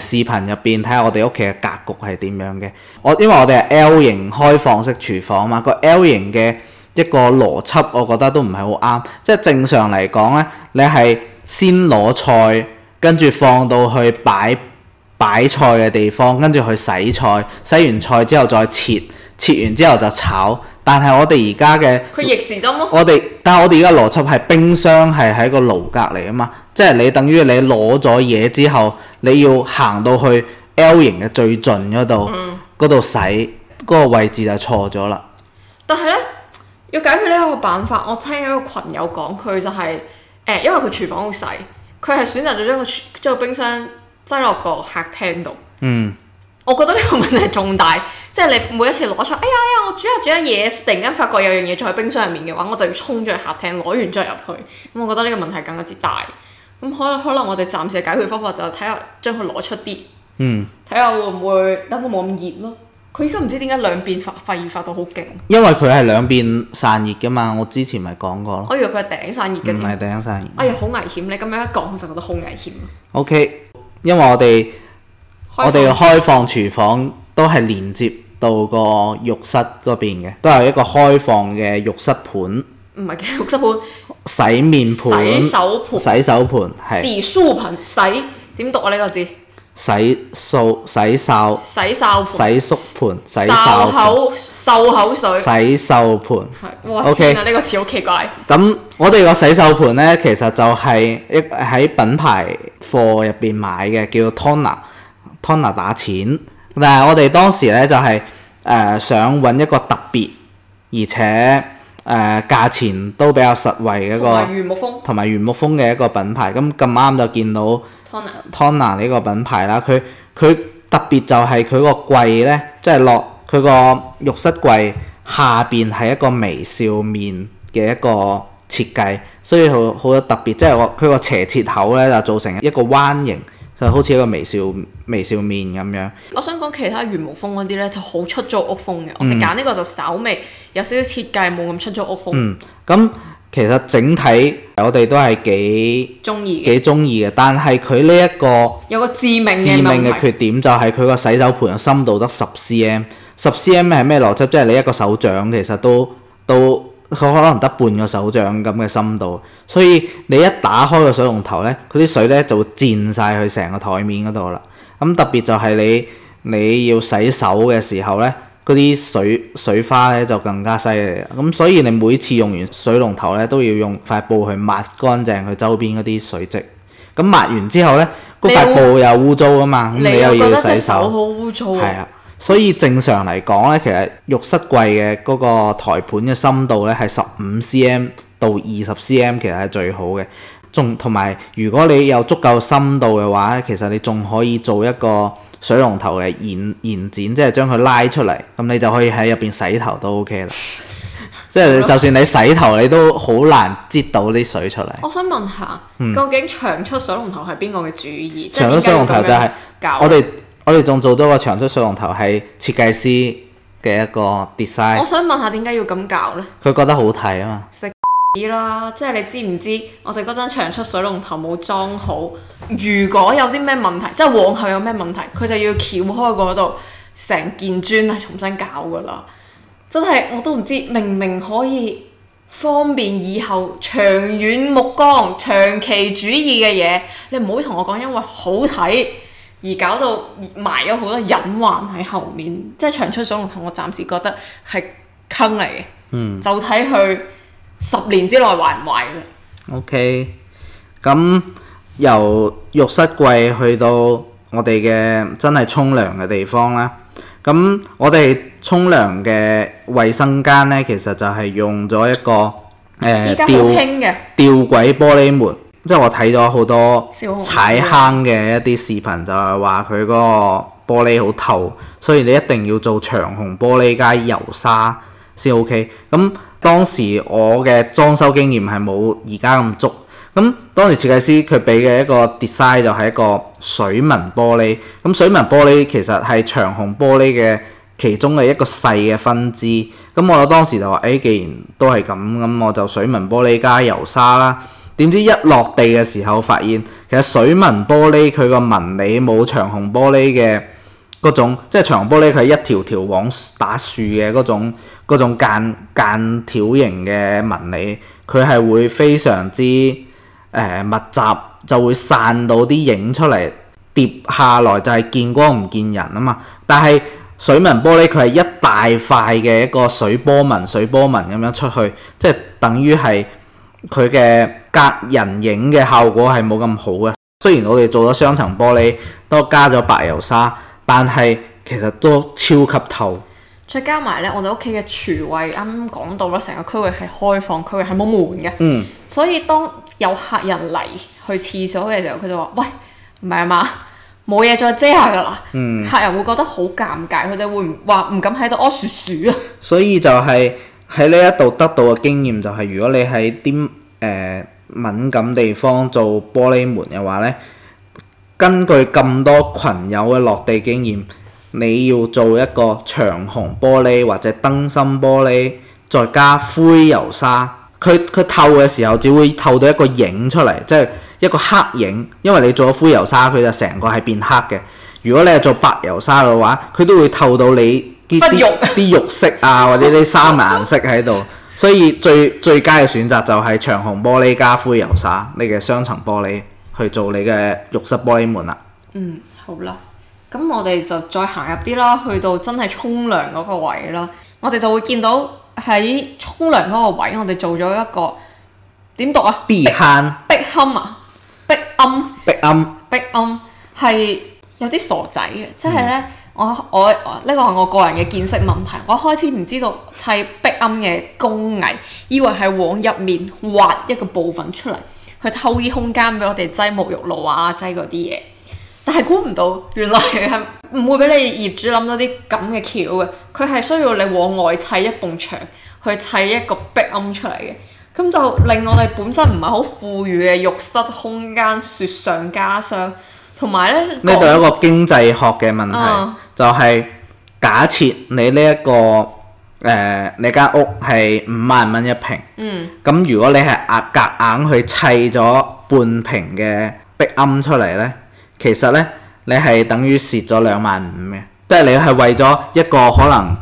誒視頻入邊，睇下我哋屋企嘅格局係點樣嘅。我因為我哋係 L 型開放式廚房嘛，個 L 型嘅一個邏輯，我覺得都唔係好啱。即係正常嚟講呢，你係先攞菜，跟住放到去擺。擺菜嘅地方，跟住去洗菜，洗完菜之後再切，切完之後就炒。但係我哋而家嘅佢逆時針咯、啊。我哋但係我哋而家邏輯係冰箱係喺個爐隔離啊嘛，即係你等於你攞咗嘢之後，你要行到去 L 型嘅最盡嗰度，嗰度、嗯、洗嗰、嗰個位置就錯咗啦。但係咧，要解決呢一個辦法，我聽一個群友講、就係，佢就係誒，因為佢廚房好細，佢係選擇咗將個廚將個冰箱。擠落個客廳度，嗯，我覺得呢個問題係仲大，即係你每一次攞出，哎呀呀、哎，我煮下煮下嘢，突然間發覺有樣嘢仲喺冰箱入面嘅話，我就要衝咗入客廳攞完再入去，咁、嗯、我覺得呢個問題更加之大。咁可能可能我哋暫時解決方法就睇下將佢攞出啲，嗯，睇下會唔會等我冇咁熱咯。佢依家唔知點解兩邊發發熱發到好勁，因為佢係兩邊散熱噶嘛。我之前咪講過咯。我以為佢係頂散熱嘅。唔係頂散熱。哎呀，好危險，你咁樣一講我就覺得好危險。O K。因為我哋，我哋嘅開放廚房都係連接到個浴室嗰邊嘅，都係一個開放嘅浴室盤。唔係叫浴室盤，洗面盤、洗手盤、洗手盤係。盤洗點讀啊？呢、這個字。洗漱、洗手、洗漱、洗漱盆、洗漱口、漱口水、授洗漱盆。哇！天啊，呢個詞好奇怪。咁、嗯、我哋個洗手盆咧，其實就係一喺品牌貨入邊買嘅，叫 Tona，Tona 打錢。但係我哋當時咧就係、是、誒、呃、想揾一個特別，而且誒價、呃、錢都比較實惠嘅一個。同埋原木風。同埋原木風嘅一個品牌，咁咁啱就見到。Tonna 呢個品牌啦，佢佢特別就係佢個櫃呢，即係落佢個浴室櫃下邊係一個微笑面嘅一個設計，所以好好有特別。即係我佢個斜切口呢就造成一個彎形，就好似一個微笑微笑面咁樣。我想講其他原木風嗰啲呢就好出租屋風嘅，我哋揀呢個就稍微有少少設計，冇咁出租屋風。咁。其實整體我哋都係幾中意幾中意嘅，但係佢呢一個有個致命嘅致命嘅缺點，就係佢個洗手盆嘅深度得十 cm，十 cm 係咩邏輯？即係你一個手掌其實都都可可能得半個手掌咁嘅深度，所以你一打開個水龍頭咧，佢啲水咧就會濺晒去成個台面嗰度啦。咁特別就係你你要洗手嘅時候咧。嗰啲水水花咧就更加犀利，咁所以你每次用完水龍頭咧都要用塊布去抹乾淨佢周邊嗰啲水漬。咁抹完之後咧，嗰有塊布又污糟啊嘛，咁你，有你又要，要洗手。好污糟。係啊，所以正常嚟講咧，其實浴室櫃嘅嗰個台盤嘅深度咧係十五 cm 到二十 cm，其實係最好嘅。仲同埋如果你有足夠深度嘅話，其實你仲可以做一個水龍頭嘅延延展，即係將佢拉出嚟，咁你就可以喺入邊洗頭都 OK 啦。即係 就，就算你洗頭，你都好難擠到啲水出嚟。我想問下，究竟，嗯、長出水龍頭係邊個嘅主意？長出水龍頭就係、是，我哋我哋仲做咗個長出水龍頭係設計師嘅一個 design。我想問下，點解要咁搞呢？佢覺得好睇啊嘛！食屎啦！即係你知唔知？我哋嗰張長出水龍頭冇裝好。如果有啲咩問題，即係往後有咩問題，佢就要撬開嗰度成件磚嚟重新搞㗎喇。真係我都唔知，明明可以方便以後長遠目光、長期主義嘅嘢，你唔好同我講，因為好睇而搞到埋咗好多隱患喺後面。即係牆出水龍頭，我暫時覺得係坑嚟嘅。嗯，就睇佢十年之內壞唔壞嘅。OK，咁。由浴室櫃去到我哋嘅真係沖涼嘅地方啦。咁我哋沖涼嘅衞生間呢，其實就係用咗一個誒、呃、吊吊軌玻璃門，即係我睇咗好多踩坑嘅一啲視頻，就係話佢嗰個玻璃好透，所以你一定要做長虹玻璃加油砂先 OK。咁當時我嘅裝修經驗係冇而家咁足。咁當時設計師佢俾嘅一個 design 就係一個水紋玻璃。咁水紋玻璃其實係長虹玻璃嘅其中嘅一個細嘅分支。咁我當時就話：，誒、哎，既然都係咁，咁我就水紋玻璃加油砂啦。點知一落地嘅時候，發現其實水紋玻璃佢個紋理冇長虹玻璃嘅嗰種，即係長虹玻璃佢係一條條往打豎嘅嗰種嗰種間間條型嘅紋理，佢係會非常之密集就會散到啲影出嚟，跌下來就係見光唔見人啊嘛！但係水紋玻璃佢係一大塊嘅一個水波紋、水波紋咁樣出去，即係等於係佢嘅隔人影嘅效果係冇咁好嘅。雖然我哋做咗雙層玻璃，都加咗白油砂，但係其實都超級透。再加埋呢，我哋屋企嘅廚衛啱啱講到啦，成個區域係開放區域，係冇門嘅。嗯，所以當有客人嚟去廁所嘅時候，佢就話：喂，唔係啊嘛，冇嘢再遮下噶啦？嗯，客人會覺得好尷尬，佢哋會唔話唔敢喺度屙鼠鼠啊。所以就係喺呢一度得到嘅經驗就係、是，如果你喺啲誒敏感地方做玻璃門嘅話呢，根據咁多群友嘅落地經驗，你要做一個長虹玻璃或者燈芯玻璃，再加灰油砂。佢佢透嘅時候只會透到一個影出嚟，即係一個黑影，因為你做咗灰油砂，佢就成個係變黑嘅。如果你係做白油砂嘅話，佢都會透到你啲啲啲肉色啊，或者啲衫顏色喺度。 所以最最佳嘅選擇就係長虹玻璃加灰油砂呢嘅雙層玻璃去做你嘅浴室玻璃門啦。嗯，好啦，咁我哋就再行入啲啦，去到真係沖涼嗰個位咯，我哋就會見到。喺沖涼嗰個位，我哋做咗一個點讀啊？壁龕碧、壁龕啊、壁龕？壁龕坑？壁龕？係有啲傻仔嘅，即係咧，我我呢、這個係我個人嘅見識問題。我開始唔知道砌壁龕嘅工藝，以為係往入面挖一個部分出嚟，去偷啲空間俾我哋擠沐浴露啊，擠嗰啲嘢。但係估唔到，原來係唔會俾你業主諗到啲咁嘅橋嘅，佢係需要你往外砌一埲牆，去砌一個壁龕出嚟嘅，咁就令我哋本身唔係好富裕嘅浴室空間雪上加霜，同埋咧，呢度一個經濟學嘅問題，啊、就係假設你呢、這個呃、一個誒你間屋係五萬蚊一平，咁、嗯、如果你係壓夾硬去砌咗半平嘅壁龕出嚟呢。其實咧，你係等於蝕咗兩萬五嘅，即係你係為咗一個可能誒、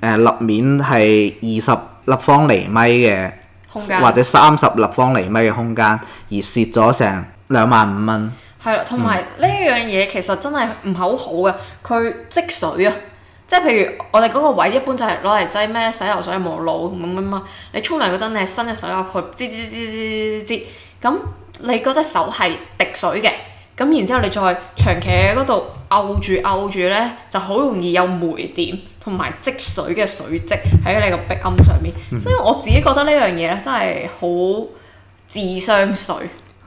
呃、立面係二十立方厘米嘅空間，或者三十立方厘米嘅空間而蝕咗成兩萬五蚊。係啦，同埋呢樣嘢其實真係唔係好好嘅，佢積水啊！即係譬如我哋嗰個位一般就係攞嚟擠咩洗頭水、沐浴露乜乜乜。你沖涼嗰陣，叮叮叮叮叮叮你係伸隻手入去，滋滋滋滋滋滋，咁你嗰隻手係滴水嘅。咁然之後，你再長期喺嗰度漚住漚住咧，就好容易有黴點同埋積水嘅水漬喺你個壁龕上面。嗯、所以我自己覺得呢樣嘢咧，真係好智商稅。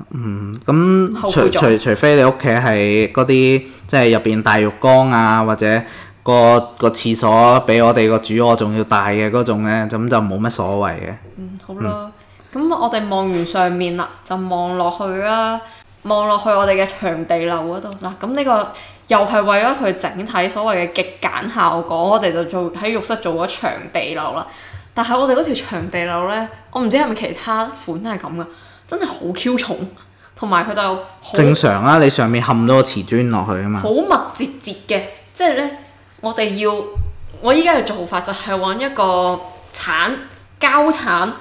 嗯，咁除除除非你屋企係嗰啲即係入邊大浴缸啊，或者、嗰個個廁所比我哋個主卧仲要大嘅嗰種咧，咁就冇乜所謂嘅。嗯，好啦，咁、嗯、我哋望完上面啦，就望落去啦。望落去我哋嘅長地漏嗰度，嗱，咁呢個又係為咗佢整體所謂嘅極簡效果，我哋就做喺浴室做咗長地漏啦。但係我哋嗰條長地漏呢，我唔知係咪其他款都係咁噶？真係好 Q 重，同埋佢就正常啦。你上面冚多個瓷磚落去啊嘛，好密質質嘅，即係呢，我哋要我依家嘅做法就係揾一個鏟膠鏟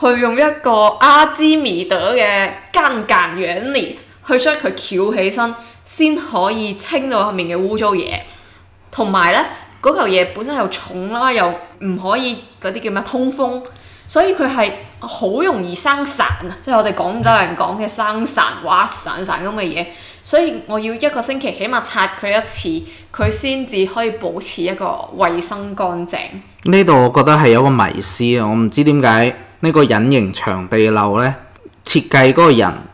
去用一個阿基米德嘅間減原理。佢將佢翹起身，先可以清到後面嘅污糟嘢。同埋呢，嗰嚿嘢本身又重啦，又唔可以嗰啲叫咩通風，所以佢係好容易生塵啊！即係我哋廣州人講嘅生塵、刮散散咁嘅嘢。所以我要一個星期起碼拆佢一次，佢先至可以保持一個衞生乾淨。呢度我覺得係有個迷思啊！我唔知點解呢個隱形長地漏呢，設計嗰個人。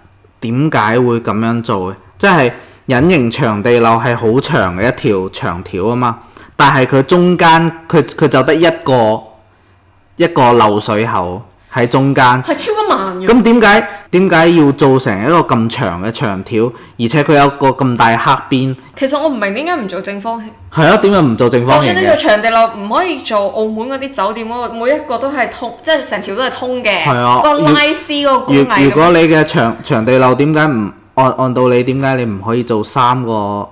點解會咁樣做嘅？即係隱形長地漏係好長嘅一條長條啊嘛，但係佢中間佢佢就得一個一個漏水口。喺中間，係超級慢嘅。咁點解點解要做成一個咁長嘅長條，而且佢有個咁大黑邊？其實我唔明點解唔做正方形。係啊，點解唔做正方形？就算呢個長地漏，唔可以做澳門嗰啲酒店嗰個，每一個都係通，即係成條都係通嘅。係啊，個拉絲嗰個如。如如果你嘅長長地漏點解唔按按道理？點解你唔可以做三個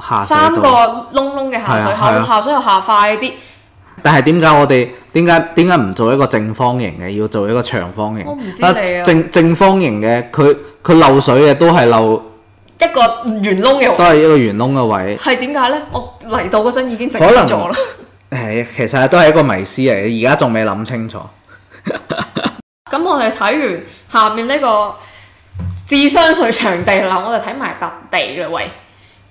下三個窿窿嘅下水口，啊啊、下水又下快啲。但係點解我哋點解點解唔做一個正方形嘅，要做一個長方形？我唔知你啊，正正方形嘅，佢佢漏水嘅都係漏一個圓窿嘅，都係一個圓窿嘅位。係點解呢？我嚟到嗰陣已經整咗啦。可能，其實都係一個迷思嚟，而家仲未諗清楚。咁 我哋睇完下面呢個智商稅場地啦，我哋睇埋特地嘅位。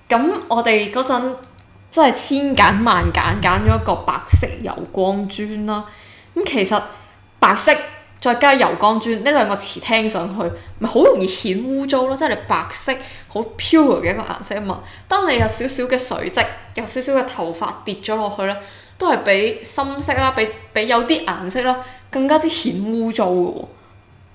咁我哋嗰陣。真係千揀萬揀揀咗一個白色油光磚啦，咁其實白色再加油光磚呢兩個詞聽上去咪好容易顯污糟咯，即係你白色好 pure 嘅一個顏色啊嘛，當你有少少嘅水漬，有少少嘅頭髮跌咗落去咧，都係比深色啦，比比有啲顏色啦更加之顯污糟㗎喎，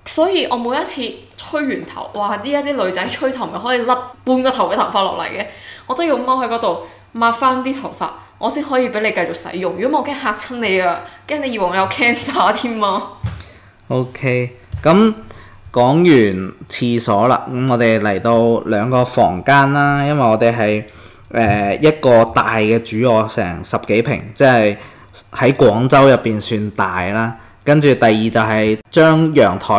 所以我每一次吹完頭，哇！依家啲女仔吹頭咪可以甩半個頭嘅頭髮落嚟嘅，我都要踎喺嗰度。抹翻啲頭髮，我先可以俾你繼續使用。如果唔係，我驚嚇親你啊，驚你以為我有 cancer 添啊。OK，咁、嗯、講完廁所啦，咁、嗯、我哋嚟到兩個房間啦。因為我哋係誒一個大嘅主臥，成十幾平，即係喺廣州入邊算大啦。跟住第二就係將陽台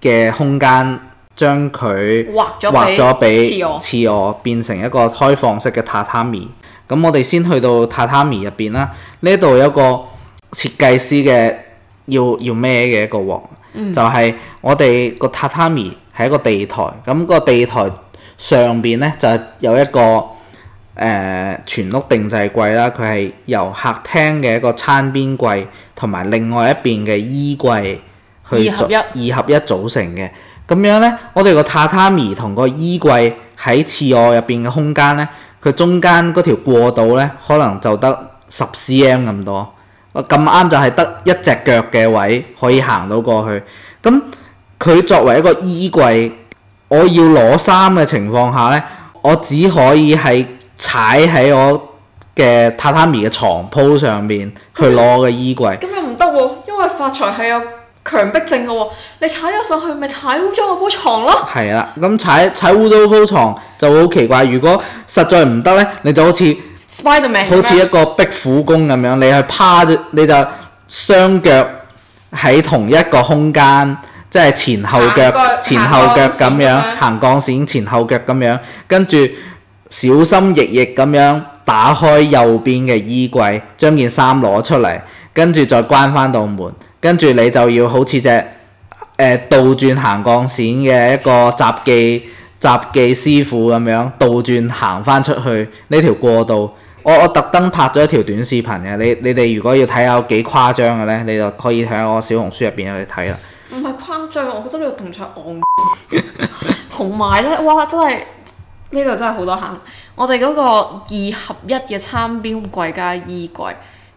嘅嘅空間。將佢畫咗了畫咗了俾次臥，次臥變成一個開放式嘅榻榻米。咁我哋先去到榻榻米入邊啦。呢度有一個設計師嘅要要咩嘅一個黃，嗯、就係我哋個榻榻米係一個地台。咁、嗰個地台上邊呢，就有一個誒、呃、全屋定製櫃啦。佢係由客廳嘅一個餐邊櫃同埋另外一邊嘅衣櫃去二合一二合一組成嘅。咁樣呢，我哋個榻榻米同個衣櫃喺次臥入邊嘅空間呢，佢中間嗰條過道呢，可能就得十 CM 咁多。我咁啱就係得一隻腳嘅位可以行到過去。咁佢作為一個衣櫃，我要攞衫嘅情況下呢，我只可以係踩喺我嘅榻榻米嘅床鋪上面去攞我嘅衣櫃。咁又唔得喎，因為發財係有。強迫症嘅喎、哦，你踩咗上去咪踩污糟嗰鋪牀咯。係啦，咁踩踩污糟嗰鋪牀就好奇怪。如果實在唔得咧，你就好似 Spiderman，好似一個壁虎功咁樣，你去趴你就雙腳喺同一個空間，即係前後腳、腳前後腳咁樣行鋼線，前後腳咁樣，跟住小心翼翼咁樣打開右邊嘅衣櫃，將件衫攞出嚟，跟住再關翻道門。跟住你就要好似只誒倒轉行鋼線嘅一個雜技雜技師傅咁樣倒轉行返出去呢條過道。我我特登拍咗一條短視頻嘅，你你哋如果要睇下幾誇張嘅呢，你就可以喺我小紅書入邊去睇啦。唔係誇張，我覺得呢個動作同埋 呢，哇！真係呢度真係好多行，我哋嗰個二合一嘅餐邊櫃加衣櫃。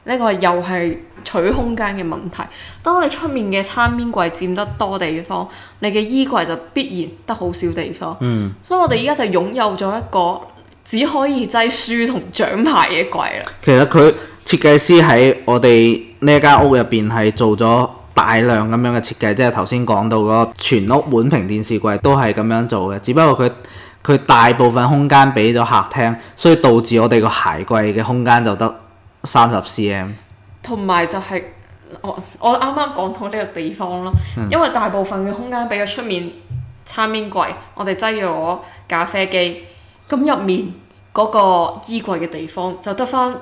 呢個又係取空間嘅問題。當你出面嘅餐邊櫃佔得多地方，你嘅衣櫃就必然得好少地方。嗯，所以我哋依家就擁有咗一個只可以擠書同獎牌嘅櫃啦。其實佢設計師喺我哋呢間屋入邊係做咗大量咁樣嘅設計，即係頭先講到個全屋滿屏電視櫃都係咁樣做嘅。只不過佢佢大部分空間俾咗客廳，所以導致我哋個鞋櫃嘅空間就得三十 cm，同埋就係、是、我我啱啱講到呢個地方咯，嗯、因為大部分嘅空間比較出面，餐邊櫃我哋擠咗咖啡機，咁入面嗰個衣櫃嘅地方就得返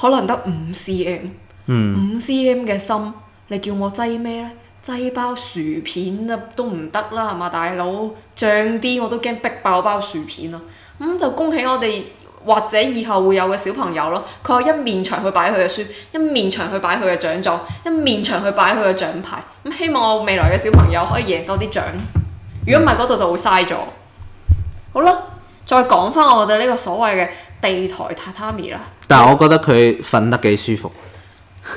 可能得五 cm，五、嗯、cm 嘅深，你叫我擠咩咧？擠包薯片啊都唔得啦，係嘛，大佬，漲啲我都驚逼爆包，包薯片咯、啊，咁就恭喜我哋。或者以後會有嘅小朋友咯，佢有一面牆去擺佢嘅書，一面牆去擺佢嘅獎狀，一面牆去擺佢嘅獎牌。咁希望我未來嘅小朋友可以贏多啲獎。如果唔係嗰度就會嘥咗。好啦，再講翻我哋呢個所謂嘅地台榻榻米啦。但係我覺得佢瞓得幾舒服，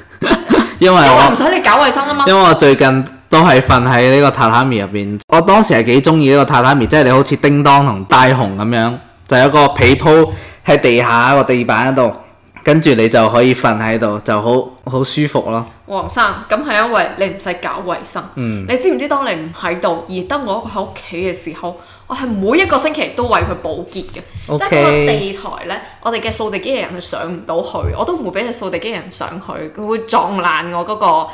因為我唔使你搞衞生啊嘛。 因為我最近都係瞓喺呢個榻榻米入邊， 我當時係幾中意呢個榻榻米，即係你好似叮當同大雄咁樣，就有一個被鋪。 喺地下個地板嗰度，跟住你就可以瞓喺度，就好好舒服咯。黃生，咁係因為你唔使搞衛生。嗯。你知唔知當你唔喺度，而得我一個喺屋企嘅時候，我係每一個星期都為佢保潔嘅。即係嗰個地台呢，我哋嘅掃地機人係上唔到去，我都唔會俾隻掃地機人上去，佢會撞爛我嗰個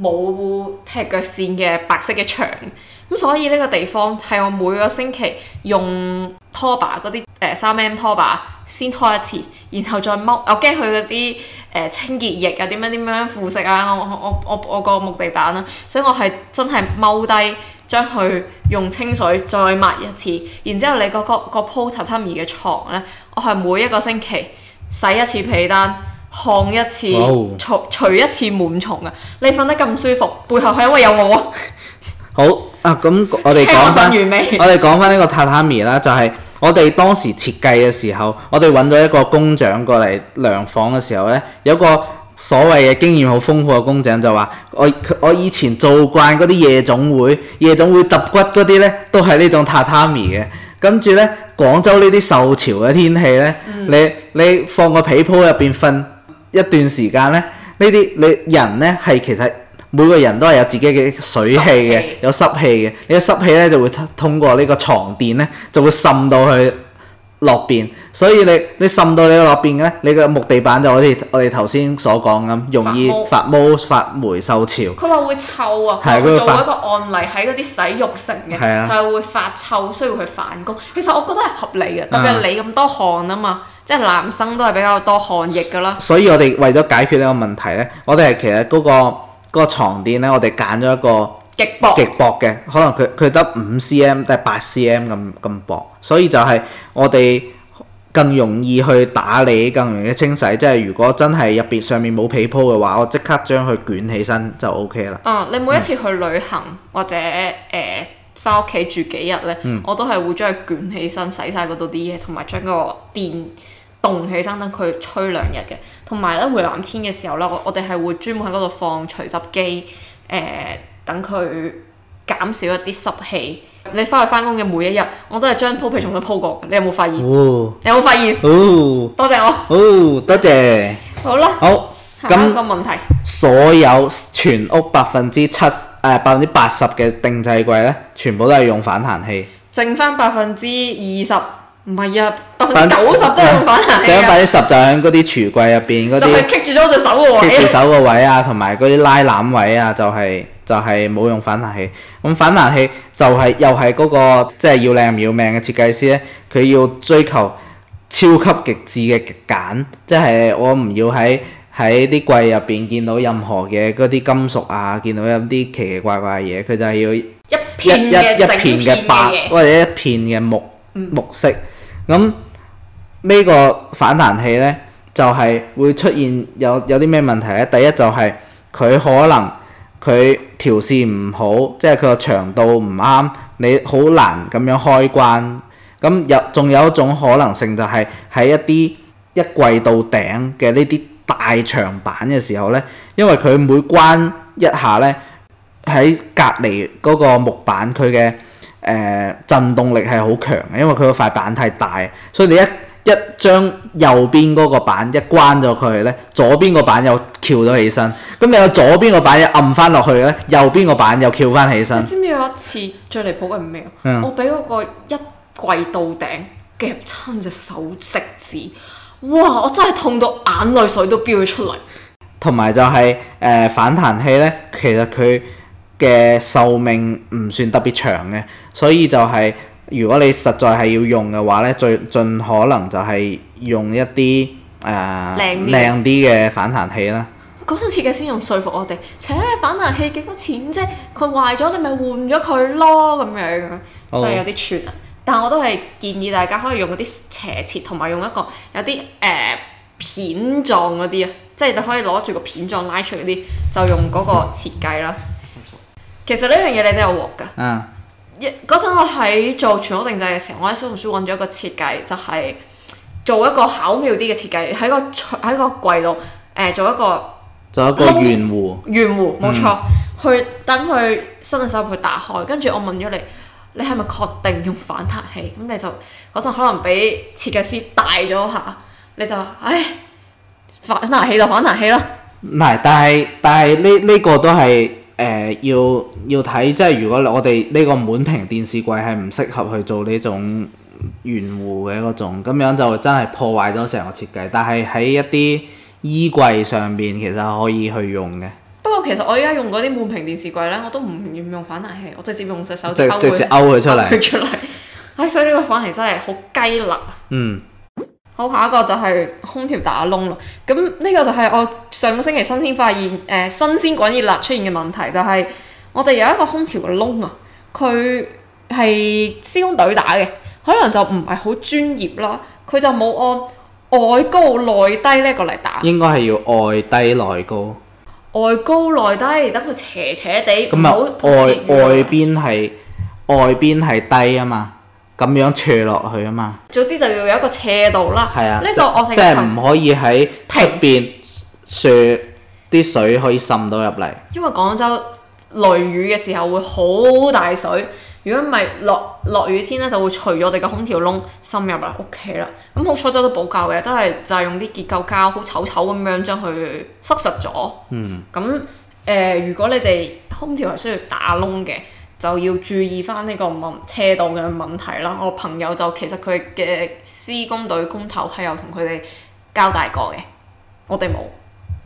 冇踢腳線嘅白色嘅牆。咁所以呢個地方係我每個星期用，拖把嗰啲誒三 M 拖把先拖一次，然後再踎。我驚佢嗰啲誒清潔液啊，點樣點樣腐蝕啊！我我我我個木地板啦、啊，所以我係真係踎低將佢用清水再抹一次。然之後你嗰個個鋪榻榻米嘅床呢，我係每一個星期洗一次被單，烘一次，除除一次蟎蟲啊。你瞓得咁舒服，背後係因為有我啊。好啊，咁、 啊、我哋講翻，我哋講翻呢個榻榻米啦，就係、是。我哋當時設計嘅時候，我哋揾咗一個工長過嚟量房嘅時候呢，有個所謂嘅經驗好豐富嘅工長就話：我我以前做慣嗰啲夜總會、夜總會揼骨嗰啲呢都係呢種榻榻米嘅。跟住呢，廣州呢啲受潮嘅天氣呢，嗯、你你放個被鋪入邊瞓一段時間呢，呢啲你人呢係其實。每個人都係有自己嘅水氣嘅，濕氣有濕氣嘅。你個濕氣咧就會通通過呢個床墊咧，就會滲到去落邊。所以你你滲到你個落邊咧，你個木地板就好似我哋頭先所講咁，容易發毛、發霉，發霉、受潮。佢話會臭啊！佢做一個案例喺嗰啲洗浴城嘅，啊、就係會發臭，需要去返工。其實我覺得係合理嘅，特別係你咁多汗啊嘛，嗯、即係男生都係比較多汗液噶啦。所以我哋為咗解決呢個問題咧，我哋係其實嗰、嗰個。個床墊咧，我哋揀咗一個極薄極薄嘅，可能佢佢得五 cm 定係八 cm 咁咁薄，所以就係我哋更容易去打理，更容易清洗。即係如果真係入邊上面冇被鋪嘅話，我即刻將佢捲起身就 OK 啦。啊、嗯！你每一次去旅行、嗯、或者誒翻屋企住幾日咧，嗯、我都係會將佢捲起身洗晒嗰度啲嘢，同埋將個電。凍起身等佢吹兩日嘅，同埋咧回南天嘅時候咧，我我哋係會專門喺嗰度放除濕機，誒、呃，等佢減少一啲濕氣。你翻去翻工嘅每一日，我都係將鋪皮重新鋪過，你有冇發現？哦、你有冇發現？哦、多謝我。哦，多謝。好啦。好。咁個問題，所有全屋百分之七誒、呃、百分之八十嘅定製櫃呢，全部都係用反彈器，剩翻百分之二十。唔係啊，得九十都用反彈器啊！想十就喺嗰啲櫥櫃入邊嗰啲。係棘 些住咗我隻手喎！棘住手個位啊，同埋嗰啲拉籃位啊，就係、是、就係、是、冇用反彈器。咁反彈器就係、是、又係嗰、那個即係、就是、要靚唔要命嘅設計師咧，佢要追求超級極致嘅極簡，即、就、係、是、我唔要喺喺啲櫃入邊見到任何嘅嗰啲金屬啊，見到有啲奇奇怪怪嘢，佢就係要一片，片一,一片嘅白，或者一片嘅木木色。嗯。咁呢個反彈器呢，就係會出現有有啲咩問題呢？第一就係佢可能佢調試唔好，即係佢個長度唔啱，你好難咁樣開關。咁有仲有一種可能性就係喺一啲一櫃到頂嘅呢啲大長板嘅時候呢，因為佢每關一下呢，喺隔離嗰個木板佢嘅。誒、呃、震動力係好強嘅，因為佢個塊板太大，所以你一一將右邊嗰個板一關咗佢呢，左邊個板又翹咗起身，咁你有左邊個板一按翻落去呢，右邊個板又翹翻起身。你知唔知有一次最離譜嘅係咩啊？嗯、我俾嗰個一跪到頂夾親隻手食指，哇！我真係痛到眼淚水都飆咗出嚟。同埋就係、是、誒、呃、反彈器呢，其實佢。嘅壽命唔算特別長嘅，所以就係、是、如果你實在係要用嘅話咧，最盡可能就係用一啲誒、呃、靚啲點嘅反彈器啦。嗰種設計先用説服我哋，請、呃、反彈器幾多錢啫、啊？佢壞咗，你咪換咗佢咯，咁樣，真係 Okay. 有啲串啊！但係我都係建議大家可以用嗰啲斜切，同埋用一個有啲誒、呃、片狀嗰啲啊，即、就、係、是、你可以攞住個片狀拉出嚟嗰啲，就用嗰個設計啦。嗯其實呢樣嘢你都有鑊㗎。嗯、啊。一嗰陣我喺做全屋定制嘅時候，我喺小紅書揾咗一個設計，就係、係、做一個巧妙啲嘅設計，喺個喺個櫃度誒做一個做一個圓弧。圓弧，冇錯。嗯、去等佢伸隻手去打開，跟住我問咗你，你係咪確定用反彈器？咁你就嗰陣可能俾設計師大咗下，你就唉反彈器就反彈器咯。唔係，但係但係呢呢個都係。誒、呃、要要睇，即係如果我哋呢個滿屏電視櫃係唔適合去做呢種圓弧嘅嗰種，咁樣就真係破壞咗成個設計。但係喺一啲衣櫃上面其實可以去用嘅。不過其實我依家用嗰啲滿屏電視櫃呢，我都唔願用反彈器，我直接用隻手抽直，接直接勾佢出嚟。唉、 哎，所以呢個反彈器真係好雞肋。嗯。好，下一個就係空調打窿咯。咁呢、這個就係我上個星期新鮮發現，誒、呃、新鮮滾熱辣出現嘅問題，就係、是、我哋有一個空調嘅窿啊，佢係施工隊打嘅，可能就唔係好專業啦，佢就冇按外高內低呢個嚟打，應該係要外低內高，外高內低，等佢斜斜地，咁啊麼外外邊係外邊係低啊嘛。咁樣斜落去啊嘛，總之就要有一個斜度啦。係啊，呢、這個就我性循環，即係唔可以喺出邊雪啲停水可以滲到入嚟。因為廣州雷雨嘅時候會好大水，如果唔係落落雨天咧，就會除咗我哋嘅空調窿滲入嚟屋企啦。咁好彩都都補救嘅，都係就係用啲結構膠好醜醜咁樣將佢塞實咗。嗯，咁誒、呃，如果你哋空調係需要打窿嘅。就要注意返呢個唔同車道嘅問題啦。我朋友就其實佢嘅施工隊工頭係有同佢哋交代過嘅，我哋冇。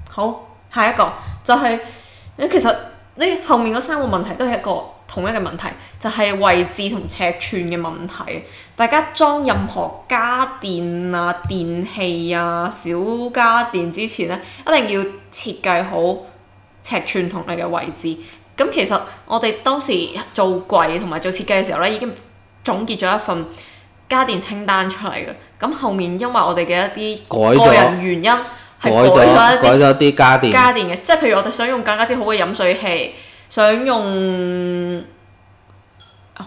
好，下一個就係、是，其實呢後面嗰三個問題都係一個同一嘅問題，就係、是、位置同尺寸嘅問題。大家裝任何家電啊、電器啊、小家電之前呢，一定要設計好尺寸同你嘅位置。咁其實我哋當時做櫃同埋做設計嘅時候咧，已經總結咗一份家電清單出嚟嘅。咁後面因為我哋嘅一啲了個人原因，係改咗了一啲家電家電嘅，即係譬如我哋想用更加之好嘅飲水器，想用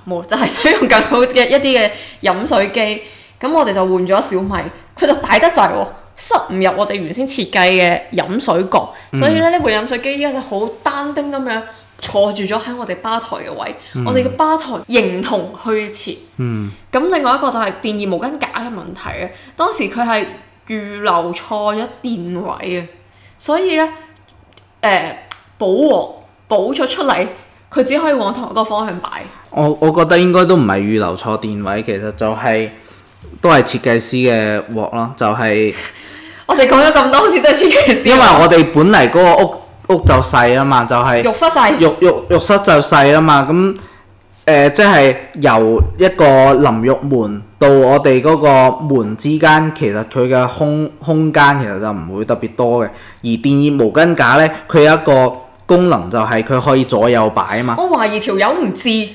冇、啊、就係、是、想用更好嘅一啲嘅飲水機。咁我哋就換咗小米，佢就大得滯喎，塞唔入我哋原先設計嘅飲水局。嗯、所以咧，呢部飲水機依家就好單丁咁樣。坐住咗喺我哋吧台嘅位，嗯、我哋嘅吧台形同虛設。咁、嗯、另外一個就係電熱毛巾架嘅問題咧。當時佢係預留錯咗電位啊，所以呢，誒、呃、補鑊補咗出嚟，佢只可以往同一個方向擺。我我覺得應該都唔係預留錯電位，其實就係、是、都係設計師嘅鑊囉，就係、是、 我哋講咗咁多好似都係設計師。因為我哋本嚟嗰個屋。屋就細啊嘛，就係、是、浴室細，浴浴浴室就細啊嘛。咁誒、呃，即係由一個淋浴門到我哋嗰個門之間，其實佢嘅空空間其實就唔會特別多嘅。而電熱毛巾架呢，佢有一個功能就係佢可以左右擺啊嘛。我懷疑條友唔知。誒、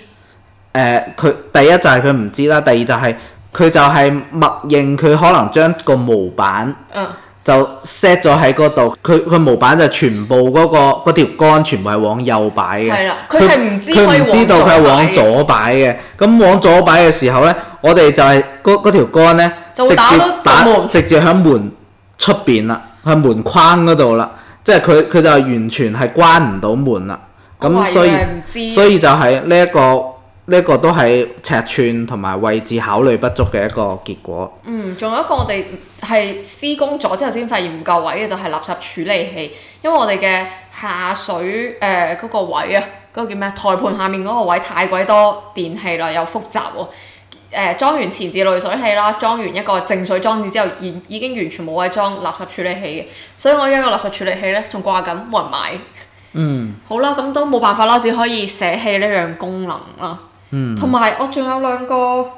呃，佢第一就係佢唔知啦，第二就係、是、佢就係默認佢可能將個模板。嗯。就 set 咗喺嗰度，佢佢模板就全部嗰、嗰個嗰條杆全部係往右擺嘅。係啦，佢係唔知佢唔知道佢係往左擺嘅。咁往左擺嘅時候咧，我哋就係嗰嗰條杆咧，就直接打直接響門出邊啦，喺門框嗰度啦。即係佢佢就完全係關唔到門啦。咁、oh、my 所以 yeah, 所以就係呢一個。呢個都係尺寸同埋位置考慮不足嘅一個結果。嗯，仲有一個我哋係施工咗之後先發現唔夠位嘅就係、是、垃圾處理器，因為我哋嘅下水誒嗰、呃那個位啊，嗰、那個叫咩台盤下面嗰個位太鬼多電器啦，又複雜喎、哦。誒、呃、裝完前置濾水器啦，裝完一個淨水裝置之後，已已經完全冇位裝垃圾處理器嘅，所以我而家個垃圾處理器咧仲掛緊，冇人買。嗯，好啦，咁都冇辦法啦，只可以捨棄呢樣功能啦。同埋、嗯、我仲有兩個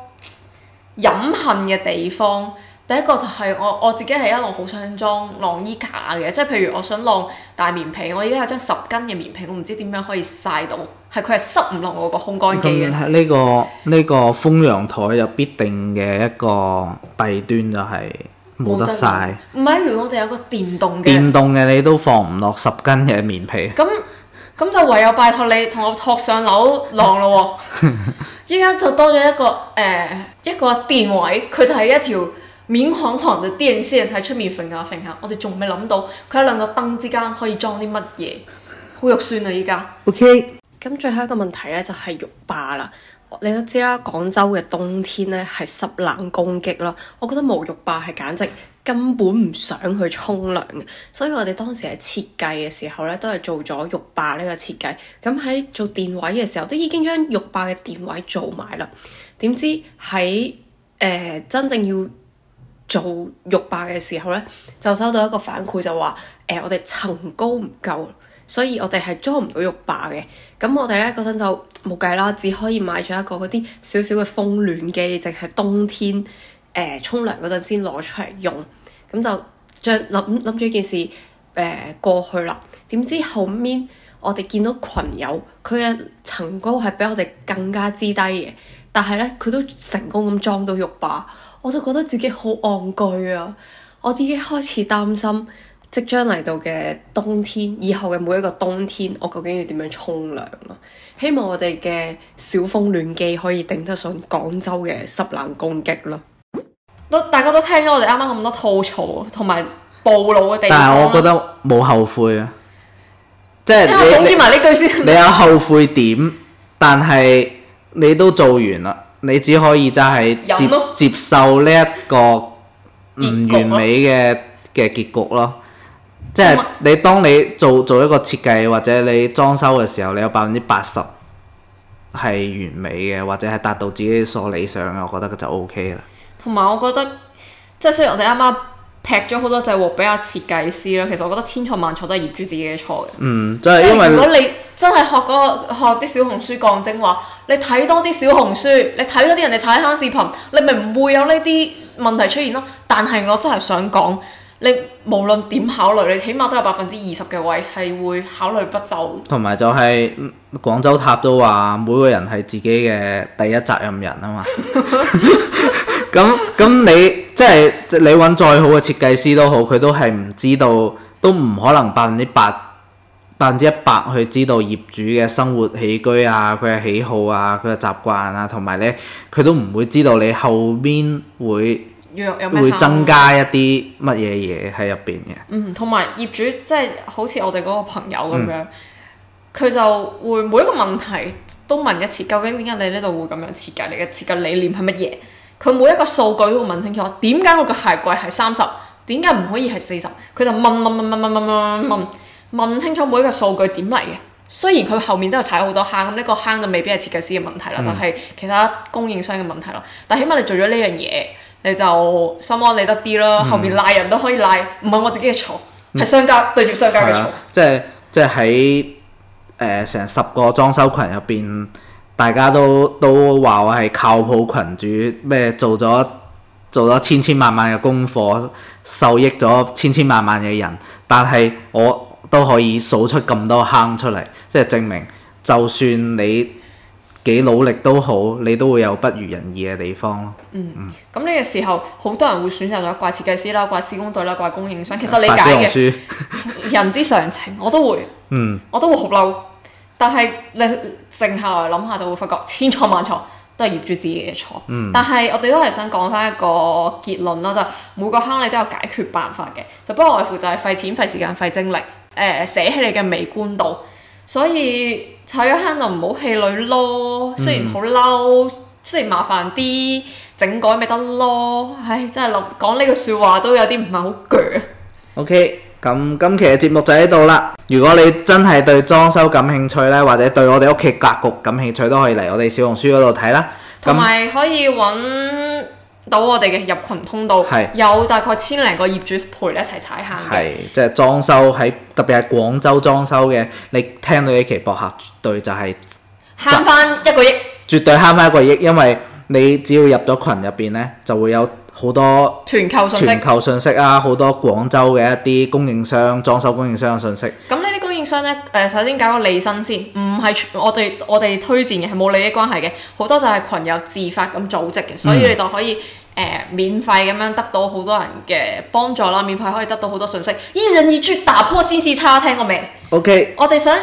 飲恨嘅地方，第一個就係我我自己係一路好想裝晾衣架嘅，即係譬如我想晾大棉被，我而家有張十斤嘅棉被，我唔知點樣可以曬到，係佢係塞唔落我個烘乾機嘅。呢、這個呢、這個封陽台有必定嘅一個弊端就係冇得曬。唔係，如果我哋有個電動嘅，電動嘅你都放唔落十斤嘅棉被。咁就唯有拜託你同我托上樓晾咯喎，依家、哦、 就多咗一個誒、呃、一個電位，佢就係一條面綿綿嘅電線喺出面揈下揈下，我哋仲未諗到佢喺兩個燈之間可以裝啲乜嘢，好肉酸啊依家。OK，咁最後一個問題咧就係、是、浴霸啦，你都知啦，廣州嘅冬天咧係濕冷攻擊咯，我覺得冇浴霸係簡直，根本唔想去沖涼嘅，所以我哋當時喺設計嘅時候呢，都係做咗浴霸呢個設計。咁喺做電位嘅時候，都已經將浴霸嘅電位做埋啦。點知喺誒、呃、真正要做浴霸嘅時候呢，就收到一個反饋，就話誒、呃、我哋層高唔夠，所以我哋係裝唔到浴霸嘅。咁我哋呢嗰陣就冇計啦，只可以買咗一個嗰啲小小嘅風暖機，淨係冬天。誒沖涼嗰陣先攞出嚟用，咁就將諗諗住件事，誒、呃、過去啦。點知後面我哋見到群友，佢嘅層高係比我哋更加之低嘅，但係咧佢都成功咁裝到浴霸，我就覺得自己好戇居啊！我自己開始擔心，即將嚟到嘅冬天，以後嘅每一個冬天，我究竟要點樣沖涼啊？希望我哋嘅小風暖機可以頂得上廣州嘅濕冷攻擊咯～都大家都聽咗我哋啱啱咁多吐槽同埋暴露嘅地方但係我覺得冇後悔啊，即係，總結埋呢句先，你有後悔點， 但係你都做完啦，你只可以就係接咯接受呢一個唔完美嘅嘅結局咯。局即係你當你做做一個設計或者你裝修嘅時候，你有百分之八十係完美嘅，或者係達到自己所理想嘅，我覺得佢就 O K 啦。同埋我覺得，即係雖然我哋啱啱劈咗好多隻鑊俾阿設計師啦，其實我覺得千錯萬錯都係業主自己嘅錯嘅。嗯，即係就係因為如果你真係學嗰個學啲小紅書講真話，你睇多啲小紅書，你睇多啲人哋踩坑視頻，你咪唔會有呢啲問題出現咯。但係我真係想講，你無論點考慮，你起碼都有百分之二十嘅位係會考慮不周。同埋就係廣州塔都話，每個人係自己嘅第一責任人啊嘛。 咁咁 你即係你揾再好嘅設計師都好，佢都係唔知道，都唔可能百分之百百分之一百去知道業主嘅生活起居啊，佢嘅喜好啊，佢嘅習慣啊，同埋呢，佢都唔會知道你後邊會會增加一啲乜嘢嘢喺入邊嘅。嗯，同埋業主即係、就是、好似我哋嗰個朋友咁樣，佢、嗯、就會每一個問題都問一次，究竟點解你呢度會咁樣設計？你嘅設計理念係乜嘢？佢每一個數據都會問清楚，點解我個鞋櫃係三十？點解唔可以係四十？佢就問問問問問問問問問問清楚每一個數據點嚟嘅。雖然佢後面都有踩好多坑，咁呢個坑就未必係設計師嘅問題啦，嗯、就係其他供應商嘅問題咯。但起碼你做咗呢樣嘢，你就心安理得啲咯。後面賴人都可以賴，唔係、嗯、我自己嘅錯，係商家、嗯、對接商家嘅錯。即係即係喺誒成十個裝修群入邊。大家都都話我係靠譜群主，咩做咗做咗千千萬萬嘅功課，受益咗千千萬萬嘅人，但係我都可以數出咁多坑出嚟，即係證明就算你幾努力都好，你都會有不如人意嘅地方咯。嗯，咁呢個時候好多人會選擇咗怪設計師啦、怪施工隊啦、怪供應商，其實理解嘅。 人之常情，我都會。嗯。我都會好嬲。但係你靜下來諗下就會發覺千錯萬錯都係業主自己嘅錯。嗯、但係我哋都係想講翻一個結論啦，就每個坑你都有解決辦法嘅，就不外乎就係費錢、費時間、費精力。誒、呃，寫起你嘅美觀度。所以踩咗坑就唔好氣餒咯。雖然好嬲，嗯、雖然麻煩啲，整改咪得咯。唉，真係諗講呢句説話都有啲唔係好鋸 OK。咁今期嘅節目就喺度啦！如果你真係對裝修感興趣呢，或者對我哋屋企格局感興趣，都可以嚟我哋小紅書嗰度睇啦，同埋還有 那可以揾到我哋嘅入群通道，係是有大概千零個業主陪你一齊踩坑。嘅。係即係裝修喺特別係廣州裝修嘅，你聽到呢期博客絕對就係慳翻一個億，絕對慳翻一個億，因為你只要入咗群入邊呢，就會有。好多團購信息、團購信息啊！好多廣州嘅一啲供應商、裝修供應商嘅信息。咁呢啲供應商呢，誒、呃，首先搞個利申先，唔係我哋我哋推薦嘅，係冇利益關係嘅，好多就係群友自發咁組織嘅，所以你就可以誒、嗯呃、免費咁樣得到好多人嘅幫助啦，免費可以得到好多信息，一人一鑄打破先士差，聽過未？OK，我哋想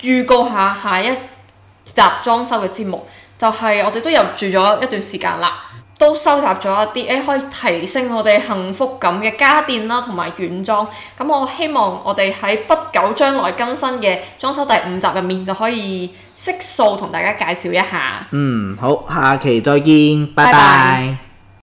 預告一下下一集裝修嘅節目，就係、是、我哋都入住咗一段時間啦。都收集咗一啲誒，可以提升我哋幸福感嘅家電啦，同埋軟裝。咁我希望我哋喺不久將來更新嘅裝修第五集入面就可以悉數同大家介紹一下。嗯，好，下期再見，拜拜 bye。Bye bye